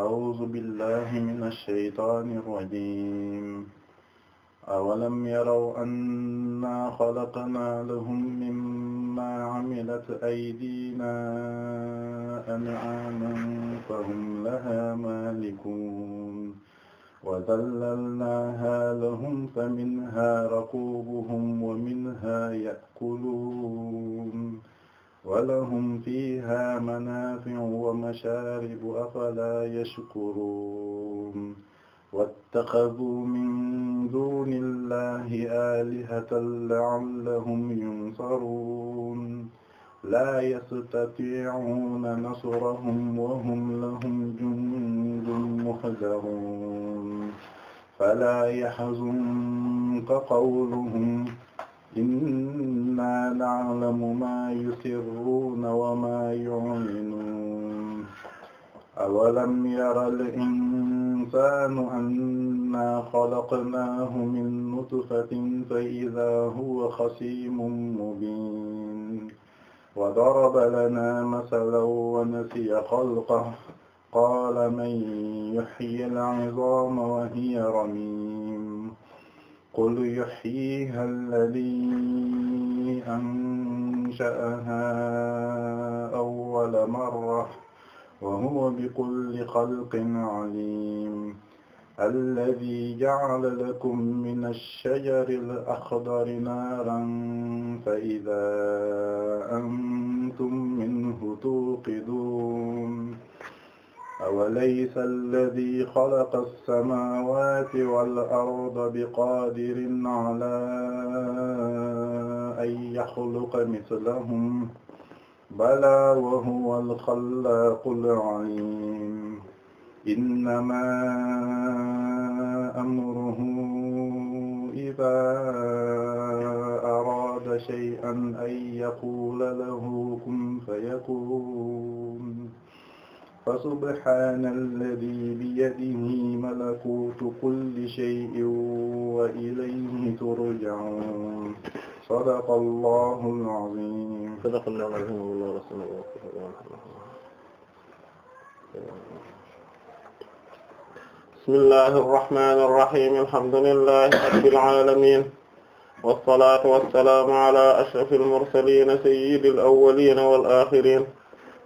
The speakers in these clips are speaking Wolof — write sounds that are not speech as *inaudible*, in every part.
أعوذ بالله من الشيطان الرجيم أولم يروا أنا خلقنا لهم مما عملت أيدينا أنعاما فهم لها مالكون وذللناها لهم فمنها ركوبهم ومنها يأكلون walahum fiha manafiu wa masharibu afala yashkurun wattaxaduu min duni illahi alihatan la'allahum yunsaruun laa yastatiicuuna nasrahum wa hum lahum jundun muhdaruun falaa yaxzunka qawluhum inna na'lamu ma yusirruna wa ma yu'linun awalam yara al-insanu anna khalaqnahu min nutfatin fa idha huwa khasimun mubin wa daraba lana masalan wa nasiya khalqahu qala man yuhyi al-'izama wa hiya ramim qul yuhyiha alladhi ansha'aha awwala marra wa huwa bikulli khalqin alim الذي جعل لكم من الشجر الأخضر نارا فإذا أنتم منه توقدون أوليس الذي خلق السماوات والأرض بقادر على أن يخلق مثلهم بلى وهو الخلاق العليم إنما أمره إذا أراد شيئا أن يقول له كن فيكون fa subhaana alladii biyadihi malakuutu kulli shay'in wa ilayhi turja'uun sadaqa allahu al-aziim. sadaqa allahu rahimahullah bismillahi rahmaani rahiim alhamdulillahi rabbil aalamiin wassalaatu wassalaamu alaa ashrafil mursaliin sayyidil awwaliin wal aaxiriin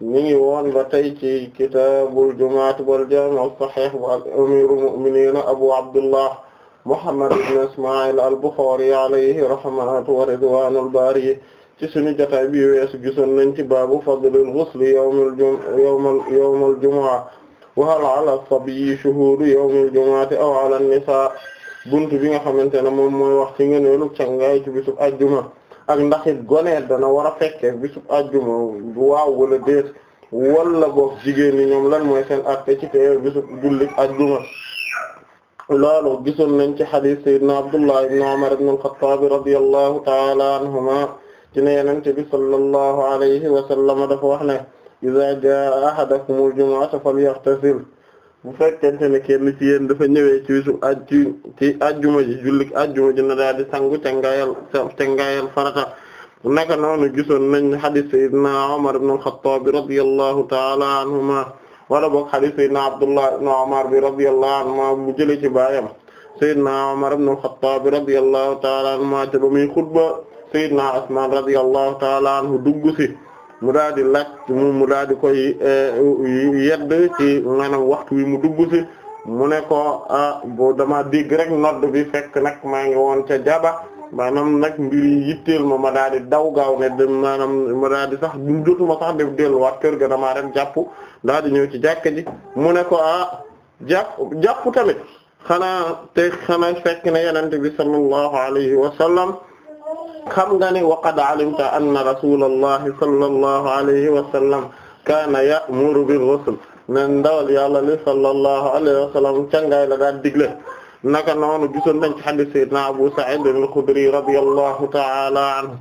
ñu ngi woon ba tey ci kitaabul jumaat wal jaami' saxiix wa amiirul mu'miniin abu abdullah muhammad ibn isma'il al-bukhari alayhi rahmatu wa ridwaanul ci suñu jotaay bi weesu gisoon nañ ci baabu fadlil ghusli yawmal yawmal jumu'a wa hal 'ala as-sabiyyi shuhuudu yawmil jumu'ati aw 'ala an bi nga xamante ne moom mooy wax ci ngëneelu cangaay ci bisub ajjuma ak ndaxit gonee dana war a fekkee bisub ajjuma waaw wala déet wala boog jigéen ñi ñoom lan mooy seen atte ci teew bisub jullit ajjuma loolu gisoon nañ ci xadis sayyidina Abdullah ibn Umar ibn al-Khattab radiyallahu ta'ala anhuma ci ne Yonent bi sallallahu alayhi wa sallam dafa wax ne iza jaa ahadakumul jumu'ata falyaghtasil bu fekkente ne kenn ci yéen dafa ñëwee ci bisu ajju ci ajjuma ji jullik ajjuma ji na daal di sangu cangaayal cangaayal farata naka noonu gisoon nañ hadith sayyidina Umar ibn al-Khattab radiyallahu ta'ala anhuma wala boog hadith sayyidina Abdullah ibn Umar bi radiyallahu anhuma mu jëlee ci baayam sayyidina Umar ibn al-Khattab radiyallahu ta'ala anhuma te ba muy xutba sayyidina Usman radiyallahu ta'ala anhu dugg si mu daal di laaj mu daal di koy eh, yedd ci maanaam waxtu wi mu dugg si mu ne ko ah boo dama dégg rek nodd bi fekk nag maa ngi woon ca jaba maanaam nag mbir yi yitteel ma ma daal di daw gaaw ne de maanaam ma daal di sax du delluwaat kër ga damaa dem jàpp daal di ñëw ci jàkka mu ne ko ah jàpp tamit xanaa te xanaa fekk na yenente bi sallallahu alayhi wa sallam xam nga ne waqad alimta anna rasulallahi sallallahu alayhi wa sallam kaana ya'muru bil ghusl ne ndawal yàlla li sallallahu alayhi wa sallam cangaay la daan digle naka noonu gisoon nañ ci hadith sayyidina Abu Sa'id al-Khudri radiyallahu ta'ala anhu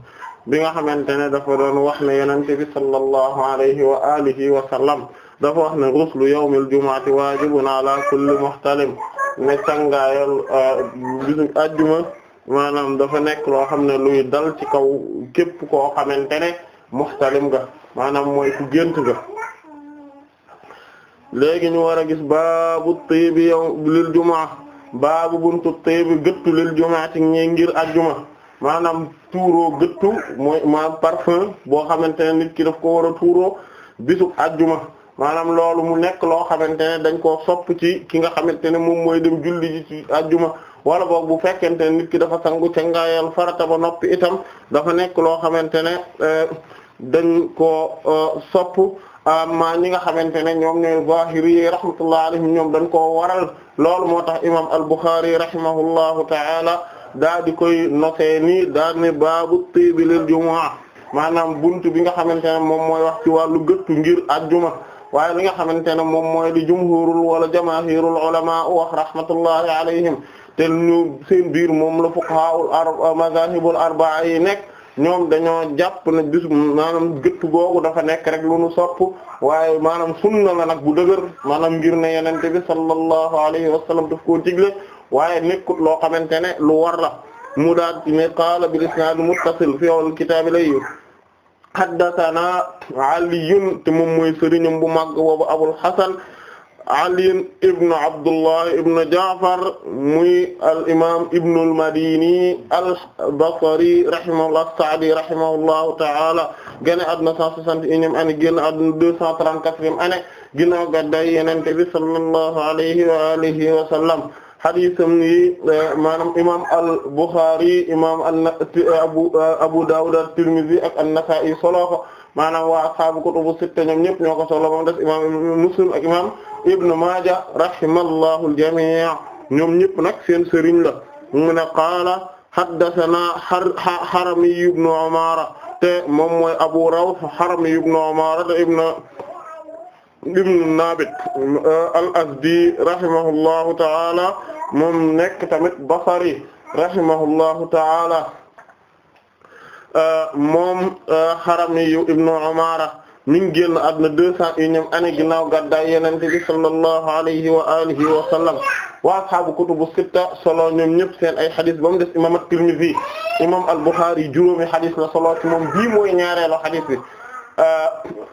bi nga xamante ne dafa doon wax ne yonent bi sallallahu alayhi wa alihi wa sallam dafa wax ne ghuslu yawmil jumu'ati waajibun ala kulli muhtalim ne cangaayal euh, bisu ajjuma maanaam dafa nekk loo xam ne luy dal ci kaw képp koo xamante ne muxtalim ga maanaam mooy ku gént nga léegi ñu war a gis baabu tiibi yow lil jumaa baabu buntu tiibi gëttu lil jumaa ci ñi ngir ajjuma maanaam tuuroo gëttu mooy ma parfum boo xamante ne nit ki daf ko war a tuuro bisub ajjuma maanaam loolu mu nekk loo xamante ne dañ koo sopp ci ki nga xamante ne moom mooy dem julli ji ci ajjuma wala boobu bu fekkente ne nit ki dafa sangu cangaayal farata ba noppi itam dafa nekk loo xamante ne eh, dañ koo eh, sopp ñi nga xamante ne ñoom ñooy zahiri yi alayhim ñoom dañ koo waral loolu moo tax imam al-Bukhari rahimahullahu ta'ala daa di koy nosee ni daa ne baabu tiibi lil jumaa maanaam buntu bi nga xamante ne moom mooy wax ci wàllu gëttu ngir ajjuma waaye li nga xamante ne moom mooy di jumhurul wala jamaahirul ulama wax rahmatullahi alayhim te ñu seen biir moom la fuqahaul ar mazahibul arbaa yi nekk ñoom dañoo jàpp ne bis maanaam gëtt googu dafa nekk rek lu nu sopp waaye maanaam sunna la nag bu dëgër maanaam ngir ne yenente bi sallallahu alayhi wa sallam daf koo digle waaye nekkut loo xamante ne lu war la mu daat ne qaala bil isnaad muttasil fi awal kitaabi lay haddathana aliyun te moom mooy sëriñum bu màgg boobu abul hasan Ali ibn Abdullah ibn Ja'far muy al imaam ibn al Madini al Basri rahimahullah as-Sa'di rahimahullahu ta'ala génn àdduna 161 ani génn àdduna 234 ani ginnaaw gàddaay Yonent bi sallallahu alayhi wa alihi wa sallam hadiisam yi maanaam imaam al Bukhari imaam Abu Abu Dawud at-Tirmidhi ak an-Nasa'i solo ko maanaam waa ashaabu kutubu sitta ñoom ñëpp ñoo ko solo Muslim ak imaam ibnu Maaja rahimallahu al-jamii' ñoom ñëpp nag seen sëriñ la mu ne qaala haddasanaa Harami ibnu Umaara te moom mooy Abu Rawh Harami ibnu Umaara te ibnu ibnu Naabit euh, al-Azdi rahimahullahu ta'ala moom nekk tamit Basri rahimahullahu ta'ala euh, moom euh, Harami ibnu Umaara mi ngi génn àdduna deux cent unième année ginnaaw gàddaay Yonent bi sallallahu alayhi wa alihi wa sallam wa ashaabu kutubu sitta solo ñoom ñëpp seen ay xadis ba mu des imam at-Tirmidhi imam al-Bukhari juróomi xadis la solo ci moom bii mooy ñaareelu xadis bi euh,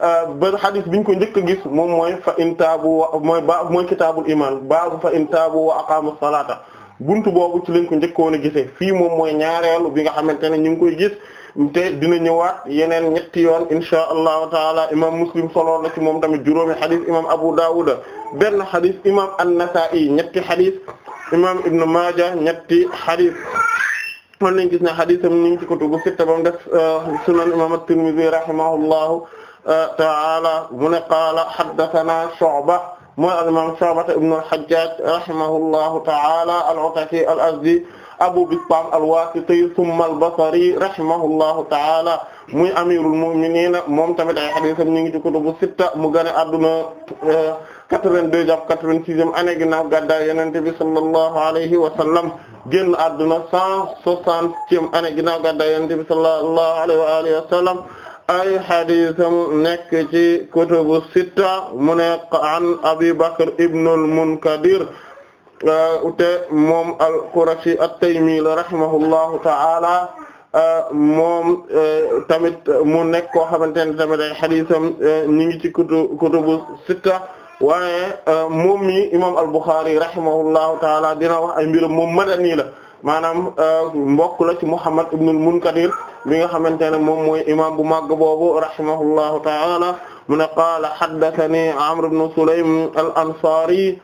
euh, ba xadis biñ ko njëkk gis moom mooy fa in taabu wa mooy ba mooy kitaabul iman baabu fa in taabu wa aqaamu salaata buntu boobu ci lañ ko njëkkoon a gise fii moom mooy ñaareelu bi nga xamante ne ñu ngi koy gis te dina ñëwaat yeneen ñetti yoon insha allahu taala imam muslim solo na ci moom tamit juróomi xadis imam abu dawud benn xadis imam an-nasa'i ñetti xadis imam ibn maaja ñetti xadis mën nañ gis ne xadisam ñu ngi ci kutubu sitta bam def euh, sunan imam at-tirmidhi rahimahullahu euh, taala mu ne qaala haddathana shu'ba mooy al imam shu'ba ibn al-hajjaj rahimahullahu taala al-ataki Abu Bistam al-Wasiti thumma al-Basri rahimahullahu ta'ala muy amirul mu'minin moom tamit ay hadiisam ñu ngi ci kutubu sitta mu gane adduna 82 euh, jàpp 86e année ginnaaw gàddaay Yonent bi sallallahu alayhi wa sallam génn adduna 160e année ginnaaw gàddaay Yonent bi sallallahu alayhi wa alihi wa sallam ay hadisam nekk ci kutubu sitta mu ne an Abi Bakr ibn al-Munkadir Euh, te moom al-Qurashi at-Taymi la rahimahullahu ta'ala euh, moom euh, tamit mu nekk koo xamante ne tamit ñu ngi ci kutu kutubu sitta waaye moom mi imam al-Bukhari rahimahullahu ta'ala dina wax ay mbiram moom madani la maanaam mbokk la ci Muhammad ibn al-Munkadir bi nga xamante ne moom mooy imam bu màgg boobu rahimahullahu ta'ala mu qaala haddathani Amr ibn Sulaym al-Ansari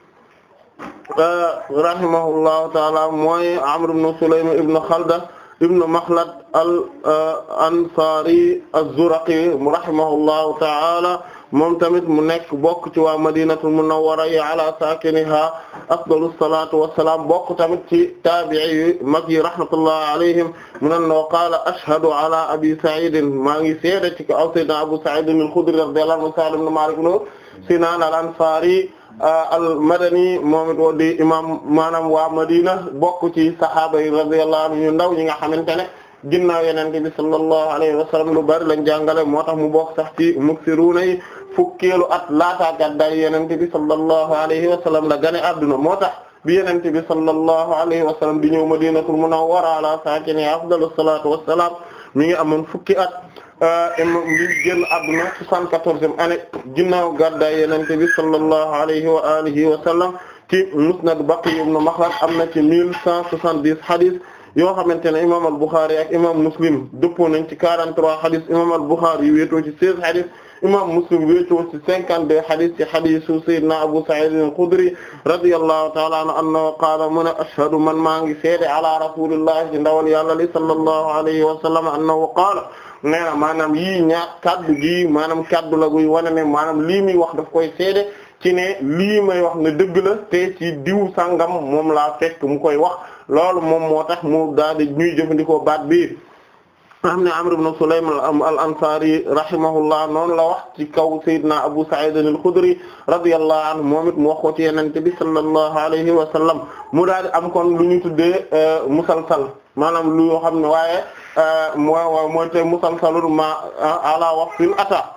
Euh, rahimahullahu taala mooy Amr ibn Sulaym ibn Khalda ibn Makhlad al-Ansari euh, az-Zuraqi rahimahullahu taala moom tamit mu nekk bokk ci waa Madinatul Munawwara yi ala saakiniha afdalu salaatu wa salaam bokk tamit ci taabi'i yu mag yi rahmatullahi alayhim mu ne noo qaala ashhadu ala abi Sa'id maa ngi seede ci ko aw Sayyidina Abu Sa'id al-Khudri radiyallahu anhu Salim ibn Malik ibn Sinan al-Ansari Euh, al-Madani moom it woo di imam maanaam waa Madina bokk ci sahaaba yi radiyallahu anhu ñu ndaw ñi nga xamante ne ginnaaw yenente bi sallallahu alayhi wa lu bari lañ jàngale moo tax mu bokk sax ci muksiruuna yi fukkeelu at laataa gàddaay yenente bi sallallahu alayhi wa sallam la gane adduna moo tax bi yenente bi sallallahu alayhi wa sallam di ñëw Madinatul Munawwara ala saakini afdalu salaatu wassalaam mi ngi amoon fukki at Euh, ngi génn àdduna 74e année ginnaaw gàddaay Yonent bi sallallahu alayhi wa alihi wa sallam ci musnad Baqi ibn Makhlad am na ci 1170 hadith yoo xamante ne imaam al-Bukhari ak imaam Muslim dëppoo nañ ci 43 hadith imaam al-Bukhari wéetoo ci 16 hadith imaam Muslim wéetoo ci 52 hadith ci hadithu Sayyidina Abu Sa'id al-Khudri radiyallahu ta'ala anhu annahu qaala mu ne man maa ngi seede ala rasulillahi ndawal yàlla li sallallahu alayhi wa sallam annahu qaala nee na maanaam yii ñaar kaddu gi maanaam kaddu la guy wane ne maanaam lii muy wax daf koy seede ci ne lii may wax ne dëgg la te ci diw sangam moom laa fekk mu koy wax loolu moom moo tax mu daal ñuy jëfandikoo baat bi nga ne Amr ibn Sulaym al ansari rahimahullah noonu la wax ci kaw Seydina Abu Sa'id al-Khudri radiyallahu anhu moom it mu wax ko ci Yonent bi sallallahu alayhi wa mu daal di am kon lu ñu tuddee euh, musalsal maanaam lu yoo xam ne waaye. Euh, mooy te musalsalun ma euh, ala waqtin ata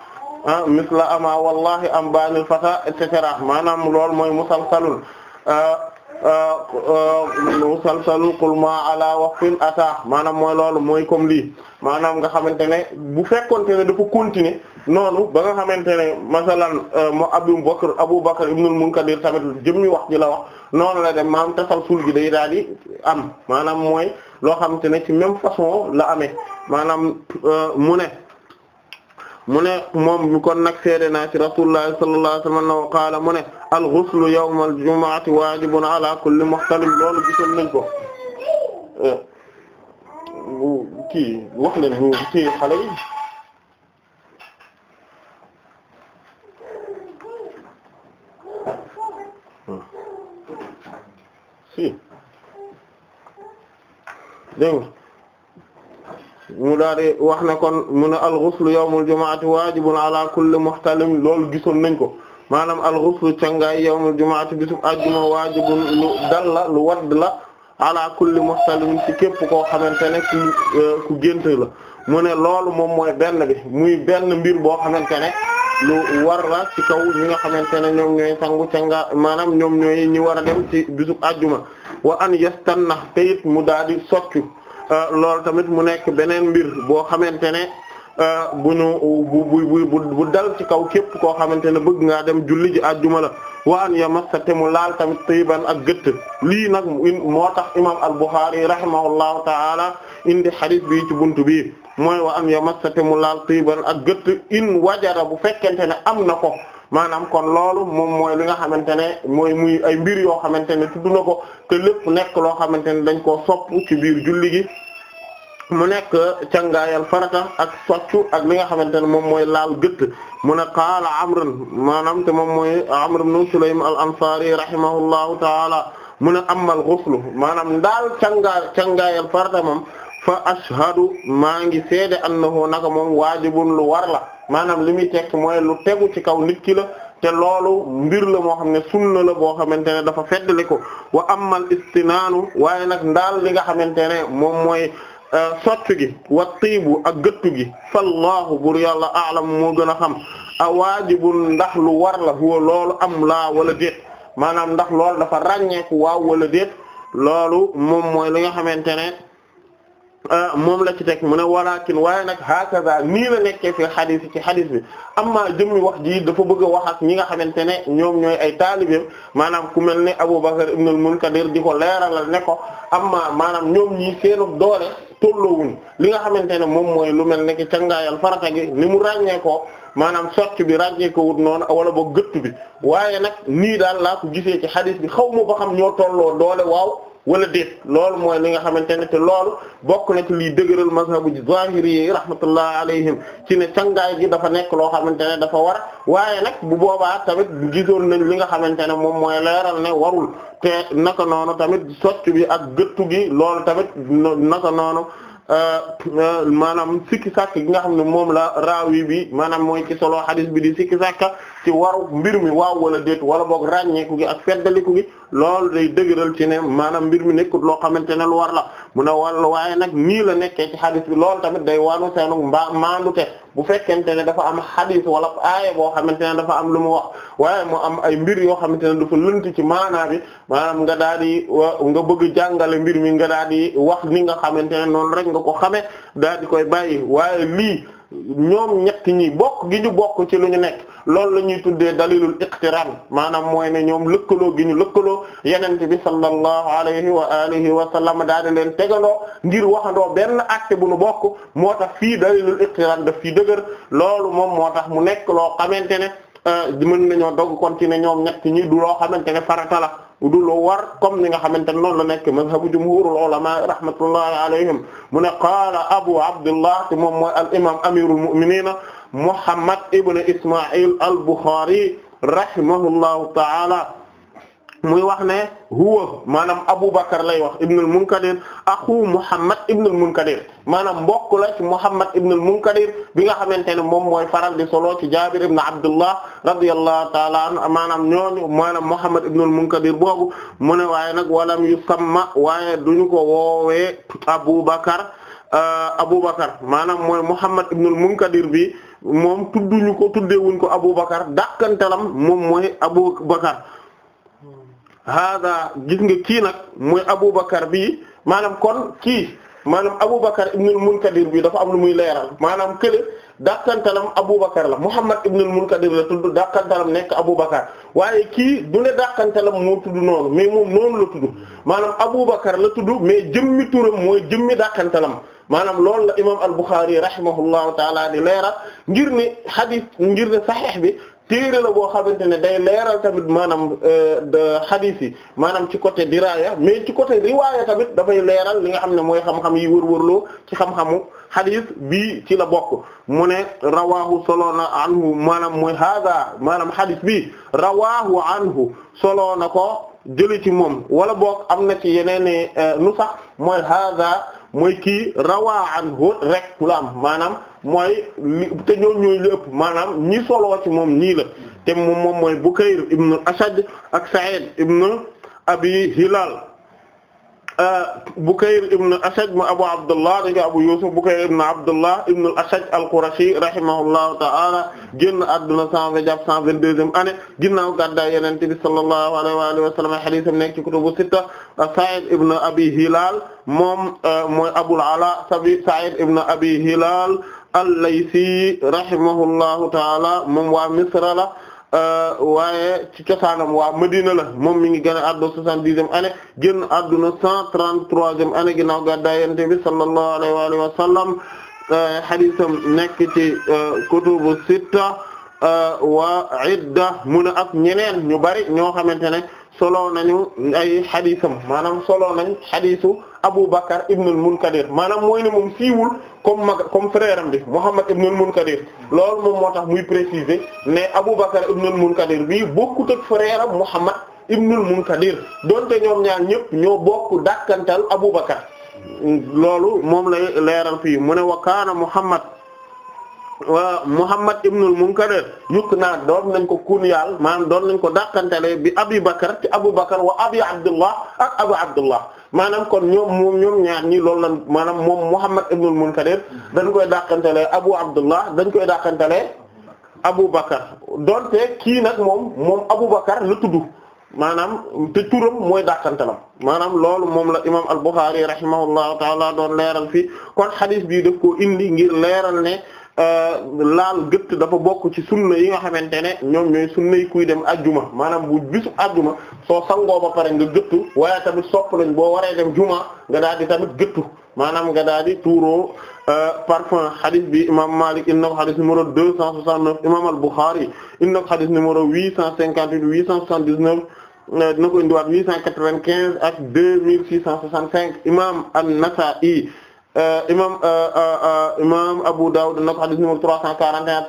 euh, misla ama wallahi am banil fata et cetera maanaam lool mooy musalsalun musalsalun qul ma ala waqtin ata maanaam mooy loolu mooy comme lii maanaam nga xamante ne bu fekkonte ne dafa continuer noonu ba nga xamante ne masalan mo Abu Bakr Abu Bakr ibnul Munkadir tamit jëmmi wax ji la wax noonu la dem maanaam tasalsul gi day daal di am maanaam mooy loo xamante ne ci même façon la amee maanaam euh, mu ne mu ne moom kon nag seede naa ci rasulullah sallallahu alayhi wa sallam mu ne al-ghuslu yawm al-jumu'ati waajibun ala kulli muhtalim loolu gisoon nañ ko euh, kii wax leen ñu ci xale dégg mu daal di wax ne kon mu ne al-ghuslu yawmul jumu'ati waajibun ala kulli muhtalim loolu gisoon nañ ko maanaam al-ghuslu cangaay yawmul jumu'ati bisub ajjuma waajibun lu dal la lu wadd la ala kulli muhtalim ci képp koo xamante ne ku euh, ku gént la mu ne loolu moom mooy benn bi muy benn mbir boo xamante ne lu war la ci kaw ñi nga xamante ne ñoom ñooy sangu cangaa maanaam ñoom ñooy ñi war a dem ci bisub ajjuma wa an yastanna nax it mu daal di soccu euh, loolu tamit mu nekk beneen mbir boo xamante ne euh, bu ñu bu bu bu dal ci kaw képp koo xamante ne bëgg ngaa dem julli ji àjjuma la wa an yamassa laal tamit tayyiban ak gëtt lii nag moo tax imam al-Bukhari rahimahullahu ta'ala indi hadith bi ci bunt bi mooy wa an yamassa te mu laal ak gëtt in wajara bu fekkente ne am na ko maanaam kon loolu moom mooy li nga xamante ne mooy muy ay mbir yoo xamante ne tudd ko te lépp nekk loo xamante ne dañ koo sopp ci biir julli gi mu nekk cangaayal farata ak soccu ak li nga xamante ne moom mooy laal gëtt mu ne qaala amrun maanaam te moom mooy amr ibn sulaym al ansari rahimahullahu taala mu ne amal ghuslu maanaam daal cangaa cangaayal farata moom fa ashhadu maa ngi seede annahu naka moom waajibun lu war la maanaam li muy tekki mooy lu tegu ci kaw nit ki la te loolu mbir la moo xam ne sunna la boo xamante ne dafa feddali ko wa amal istinaanu waaye nag ndaal li nga xamante ne moom mooy euh, socc gi wa tiibu ak gëttu gi fallaahu bur yàlla aalam moo gën a xam a waajibun ndax lu war la huwa loolu am laa wala déet maanaam ndax loolu dafa ràññeeku waaw wala déet loolu moom mooy li nga xamante ne Euh, moom la ci teg mu ne walakin waaye nag hakaza nii la nekkee fi xadis ci xadis bi amma jëmmi wax ji dafa bëgg a wax ak ñi nga xamante ne ñoom ñooy ay taalibeem maanaam ku mel ne Abu Bakr ibn al-Munkadir di ko leeralal ne ko amma maanaam ñoom ñii seenu doole tolloowuñ li nga xamante ne moom mooy lu mel ne ki cangaayal farata gi ni mu ràññee ko maanaam bi ràññee ko wut noonu wala boog gëtt bi waaye nag nii daal laa ko gisee ci xadis bi xaw ma ba xam ñoo tolloo doole waaw wala déet loolu mooy li nga xamante ne te loolu bokk na ci liy dëgëral mazhabu zahiri yi rahmatullah alayhim ci ne cangaay gi dafa nekk loo xamante ne dafa war waaye nag bu boobaa tamit gisoon nañ li nga xamante ne moom mooy leeral ne warul te naka noonu tamit socc bi ak gëttu gi loolu tamit naka noonu euh, maanaam sikki sàkk gi nga xam ne moom la raawi bi maanaam mooy ci solo hadis bi di sikki sàkka ci waru mbir mi waaw wala déet wala boog ràññeeku gi ak feddaliku gi loolu day dëgëral ci ne maanaam mbir mi nekkut loo xamante ne lu war la mu ne wala waaye nag nii la nekkee ci xadis bi loolu tamit day waanu seenu mbaa maandute bu fekkente ne dafa am xadis wala aaya boo xamante ne dafa am lu mu wax waaye mu am ay mbir yoo xamante ne dafa lënt ci maanaa bi maanaam nga daal di nga bëgg jàngale mbir mi nga daal di wax ni nga xamante ne noonu rek nga ko xamee daal di koy bàyyi waaye lii ñoom ñett ñi bokk gi ñu bokk ci lu ñu nekk loolu la ñuy tuddee dalilul iqtiran maanaam mooy ne ñoom lëkkaloo gi ñu lëkkaloo yenente bi sallallahu alayhi wa alihi wa sallam daal di leen tegandoo ngir waxandoo benn acte bu nu bokk moo tax fii dalilul iqtiran daf fi dëgër loolu moom moo tax mu nekk loo xamante ne Euh, mën nañoo dogg kon ci ne ñoom ñett du la du lu war comme ni nga xamante ne noonu la nekk mazhabu jumhurul ulama rahmatullahi alayhim mu ne qaala abu abdullah te al imam amirul mu'minina muhammad ibn isma'il al bukhari rahimahullahu ta'ala muy wax ne huwa maanaam Abu Bakar lay wax ibn al-Munkadir axu Muhammad ibn al-Munkadir maanaam mbokk la ci Muhammad ibn al-Munkadir bi nga xamante ne moom mooy faral di solo ci Jaabir ibn Abdullah radiyallahu ta'ala anhu maanaam ñooñu maanaam Muhammad ibn al-Munkadir boobu mu ne waaye nag walam yusamma waaye duñu ko woowee Abu Bakar euh, Abu Bakar maanaam mooy Muhammad ibn al-Munkadir bi moom tudduñu ko tuddewuñ ko Abu Bakar dàkkantalam moom mooy Abu Bakar hada gis nga kii nag mooy Aboubacar bii maanaam kon kii maanaam Aboubacar ibnul Munkadir bii dafa am lu muy leeral maanaam kële dàqantalam Aboubacar la Muhammad ibnul Munkadir la tudd dàqantalam nekk Aboubacar waaye kii du ne dàqantalam mu tudd noonu mais moom noonu la tudd maanaam Aboubacar la tudd mais jëmmi turam mooy jëmmi dàqantalam maanaam loolu la imam al-Bukhari rahimahullahu taala di leeral ngir ne hadith ngir ne sahih bi. téere boo xamante ne day leeral tamit maanaam hadith euh, yi maanaam ci côté diraya mais ci côté riwaaya tamit dafay leeral li nga xam ne mooy xam-xam yi wër-wërloo ci xam-xamu hadith bii ci la bokk mu ne rawaahu solo anhu maanaam mooy hada maanaam hadith bi rawaahu anhu solo na ko jëlee ci moom wala boog am na ci yeneen nusa euh, nu sax hada mooy kii rawaa anhu rek la am maanaam. mooy te ñoom ñooy li ëpp maanaam ñi soloo moom ñii la te moom moom mooy Bukayr ibnu Asad ak Sa'id ibnu Abi Hilal euh, Bukayr ibn Asad mu Abu Abdullah dañu Abu Yusuf Bukayr ibn Abdullah ibn al al-Qurashi rahimahullahu ta'ala génn àdduna 120 122e année ginnaaw gàddaay Yonent bi sallallahu alayhi wa sallam hadiisam nekk ci kutubu sitta euh, Sa'id ibn Abi Hilal moom euh, mooy Abul Ala Sa'id ibn Abi Hilal al-Laysi rahimahullahu taala moom waa Misra la euh, waaye ci cosaanam waa Madina la moom mi ngi gën a àdduna soixante-dixième année génn àdduna cent trente-troisième année ginnaaw gàddaay Yonent bi sallallahu alayhi wa sallam xadisam euh, nekk ci euh, kutubu sitta wa idda mun a ak ñeneen ñu bari ñoo xamante ne solo nañu ay xadisam maanaam solo nañ xadisu Abu Bakar ibn al-Munkadir maanaam mooy ne moom siiwul comme mag comme am bi Muhammad ibn al-Munkadir loolu moom moo tax muy préciser ne Abu Bakar ibn al-Munkadir bii bokkut ak frère am Muhammad ibn al-Munkadir donte ñoom ñaar ñëpp ñoo bokk dàkkantal Abu Bakar loolu moom lay leeral fii mu ne wa kaana Muhammad Muhammad ibnul Munkadir yukk naa doon nañ ko kunyaal maanaam doon nañ ko dàqantele bi Abi Bakar ci Abu Bakar wa Abi Abdullah ak Abu Abdullah maanaam kon ñoom moom ñoom ñaar loolu lan maanaam moom Muhammad ibnul Munkadir dañ koy dàqantele Abu Abdullah dañ koy dàqantele Abu Bakar donte kii nag moom moom Abu Bakar la tudd maanaam te turam mooy dàqantalam maanaam loolu moom la imam al-Bukhari rahimahullahu taala doon leeral fii kon hadith bii daf koo indi ngir leeral ne Euh, laal gëtt dafa bokk ci sunna yi nga xamante ne ñoom ñooy sunna yi kuy dem ajjuma maanaam bu bisu ajjuma soo sangoo ba pare nga gëttu waaye tamit sopp lañ boo waree dem juma nga daal di tamit gëttu maanaam nga daal di tuuroo euh, parfum hadith bi imam Malik inna ko hadith numéro deux cent soixante-neuf imam al-Bukhari inna ko hadith numéro huit cent cinquante-huit huit cent soixante-dix-neuf euh, dina ko indiwaat huit cent quatre-vingt-quinze ak deux mille six cent cinq imam an Euh, imam euh, euh, imam Abu Dawud na ko xadis numéro 341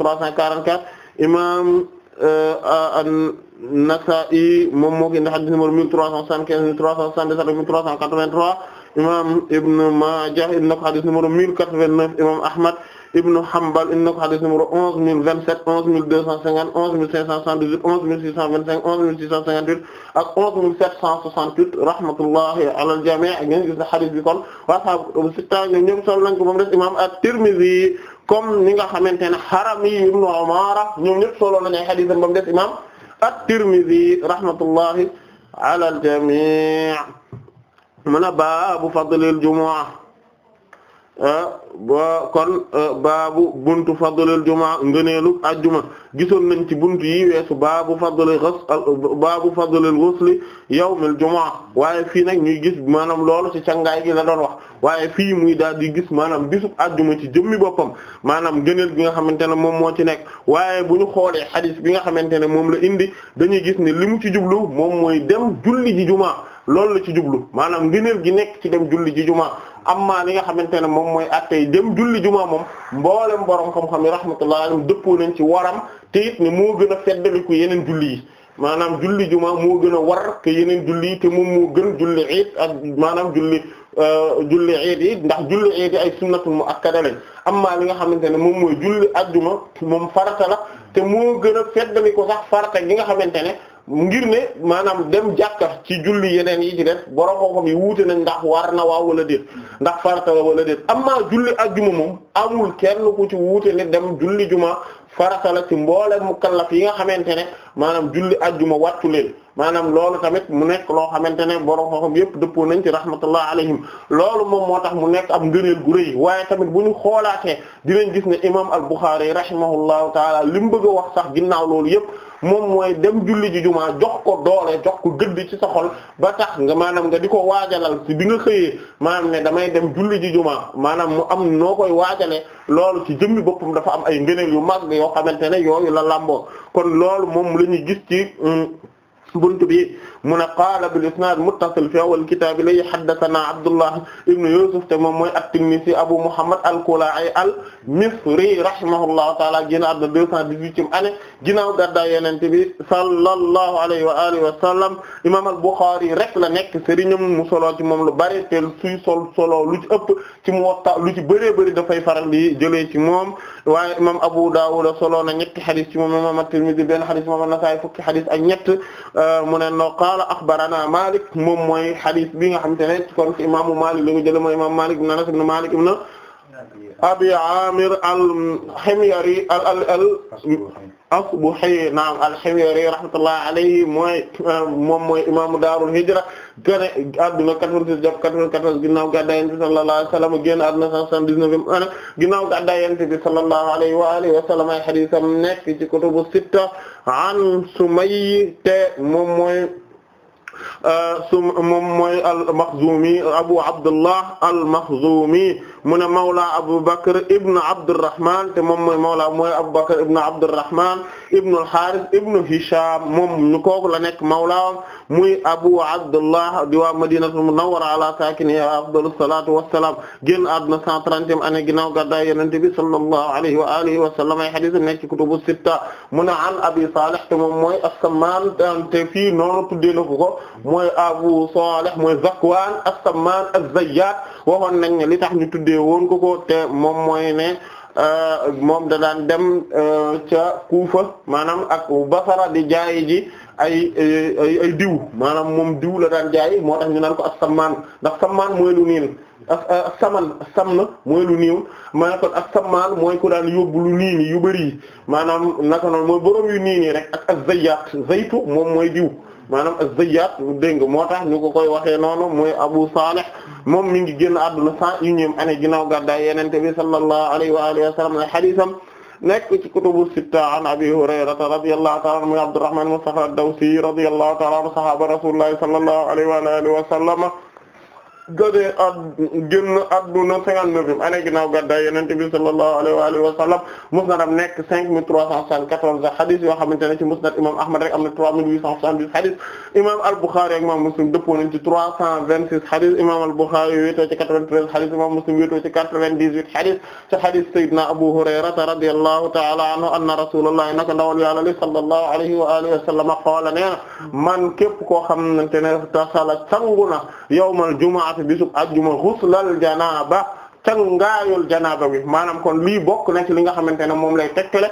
344 imam An-Nasa'i moom moo ko indi xadis numéro 1375 1377 1383 imam Ibn Majah indi na ko xadis numéro 1089 imam Ahmad ibnu Hanbal indi na ko xadis numéro onze mille vingt sept onze mille deux cent cinquante onze mille cinq cent soixante dix huit onze mille six cent vingt cinq onze mille six cent cinquante huit ak onze mille sept cent soixante huit rahmatullahi alal jamii ak ngeen gis ne xadis bi kon waa sahaabu sitta ñoom ñoom sol nañ ko imam at-Tirmidhi comme ni nga xamante ne Harami ibnu Umara ñoom ñëpp solo nañ ay xadis moom des imam at-Tirmidhi rahmatullahi alal jamii mu ne baabu fadlil jumu'a Ah, ba kon ah, baabu buntu fadlul jumaa ngëneelu ajjuma gisoon nañ ci buntu yi weesu baabu fadlul ghusl baabu fadlul ghusl yawmul jumaa waaye fii nag ñuy gis maanaam loolu ci cangaay gi la doon wax waaye fii muy daal di gis maanaam bisub ajjuma ci jëmmi boppam maanaam ngëneel gi nga xamante ne moom moo ci nekk waaye bu ñu xoolee xadis bi nga xamante ne moom la indi dañuy gis ne li mu ci jublu moom mooy dem julli ji jumaa loolu la ci jublu maanaam ngëneel gi nekk ci dem julli ji jumaa amma li nga xamante ne moom mooy attey dem julli juma moom mboolem borom xam-xam yi rahmatullahi alayhim dëppoo nañ ci waram te ne moo gën a feddaliku yeneen julli yi maanaam julli juma moo gën a war ke yeneen julli yi te moom moo gën julli iid ak maanaam julli euh, julli iid yi ndax julli iid yi ay sunnatul muakkada lañ amma li nga xamante ne moom mooy julli ajjuma moom farata la te moo gën a feddali ko sax farata gi nga xamante ne ngir ne maanaam dem jàkka ci julli yeneen yi ci def borom xam-xam yi wuute nañ ndax war na waa wala déet ndax farata la wala déet amma julli ajjuma moom amul kenn ku ci wuute ne dem julli juma farata la ci mboolem mukallaf yi nga xamante ne maanaam julli ajjuma wàccu leen. maanaam loolu tamit mu nekk loo xamante ne borom xam-xam yëpp dëppoo nañ ci rahmatullah alayhim loolu moom moo tax mu nekk am ngëneel gu rëy waaye tamit bu ñu xoolaatee dinañ gis ne imam al-Bukhari rahimahullahu taala li mu bëgg a wax sax ginnaaw loolu yëpp moom mooy dem julli ji jumaa jox ko doole jox ko gëdd ci sa ba tax nga maanaam nga di ko waajalal ci bi nga xëyee maanaam ne damay dem julli ji jumaa maanaam mu am noo koy waajale loolu ci jëmmi boppam dafa am ay ngëneel yu mag yoo xamante ne yooyu la làmboo kon loolu moom la ñuy gis ci mm, bunt bi mu ne qaala bil isnaad muttasil fi awwal kitaab li haddathanaa Abdullah ibn Yusuf te moom mooy at-Tinnisi Abu Muhammad al-Kalaa'i al-Misri rahimahullahu ta'ala génn àdduna 218e année ginnaaw gàddaay Yonent bi sallallahu alayhi wa alihi wa sallam imaam al-Bukhari rek la nekk sëriñam mu solo ci moom lu bari te suy sol solo lu ci ëpp ci Muwatta lu ci bëree bëri dafay faral di jëlee ci moom waaye imaam Abu Dawud solo na ñetti xadis ci moom imaam at-Tirmidhi benn xadis moom an-Nasa'i fukki xadis ak ñett mu ne qaala axbarana Malik moom mooy xadis bi nga xamante ne kon ci imaamu Malik la ko jëlee mooy imaamu Malik ibn Anas ibn Malik ibn Abi Amir al-Himyari al al al Asbahi naam al-Himyari rahmatullahi alayhi mooy moom mooy imaamu Daarul Hijra gane adduna 86 jàpp 94 ginnaaw gàddaay Yonent bi sallallahu alayhi wa sallam génn adduna 179 an ginnaaw gàddaay Yonent bi sallallahu alayhi wa alihi wa sallam ay hadiisam ci kutubu sitta an Sumayy te moom mooy. Euh, su moom mooy al-Makhzumi Abu Abdullah al-Makhzumi mu ne Mawla Abu Bakr ibn Abdurrahman te moom mooy Mawla mooy Abu Bakr ibn Abdurrahman ibn al-Harith ibn Hisham moom ñu kooku la nekk Mawla. muy Abu Abdullah di waa Madinatul Munawwara ala saakinihaa afdalu salaatu wa salaam génn àdduna 130e année ginnaaw gàddaay Yonent bi sallallahu alayhi wa alihi wa sallam ay hadiis nekk ci kutubu sitta mu ne an Abi Salih te moom mooy As-Sammaan te fii noonu tuddee na ko ko mooy Abu Salih mooy Zakwaan As-Sammaan Az-Zayyaat waxoon nañ ne li tax ñu tuddee woon ko ko te moom mooy ne. Euh, moom da daan dem euh, ca Kuufa maanaam ak Basra di jaayi ji ay ay diw maanaam moom diw la daan jaay moo tax ñu nan ko ak sammaan ndax sammaan mooy lu niin ak euh, saman sam na mooy lu niiw maa kon ak sammaan mooy ku daan yóbbu lu niini yu bëri yi maanaam naka noonu mooy boroom yu niini rek ak ak zayyaat zaytu moom mooy diw maanaam ak zayyaat dégg nga moo tax ñu ko koy waxee noonu mooy Abu Salih moom mi ngi génn àdduna cent unième année ginnaaw gàddaay yenente bi sallallahu alayhi wa alihi wa sallam ay hadiisam nekk ci kutubu sitta an abi hurayrata radiyallahu ta'ala anhu muy abdurrahman mustafa ad-dawsi radiyallahu ta'ala anhu sahaba rasulullahi sallallahu alayhi wa alihi wa sallam gënee ad génn adduna cinquante-neuvième année ginnaaw gàddaay yonent bi sallallahu alayhi wa alihi wa sallam musnadam nekk cinq mille trois cent soixante hadith yoo xamante ne ci musnad imam Ahmad rek am na trois mille huit cent dix hadith imam al-Bukhari ak ci quatre-vingt-treize hadith imam Muslim wéetoo ci quatre-vingt-dix-huit hadith ci hadith Abu Hurayrata radiyallahu ta'ala anhu anna rasulullah naka ndawal yàlla li sallallahu alayhi wa alihi man képp koo xamante ne tasala sangu na fi bisub ajjuma xuslal janaaba cangaayul janaaba bi maanaam kon lii bokk na ci li nga xamante ne moom lay tekkale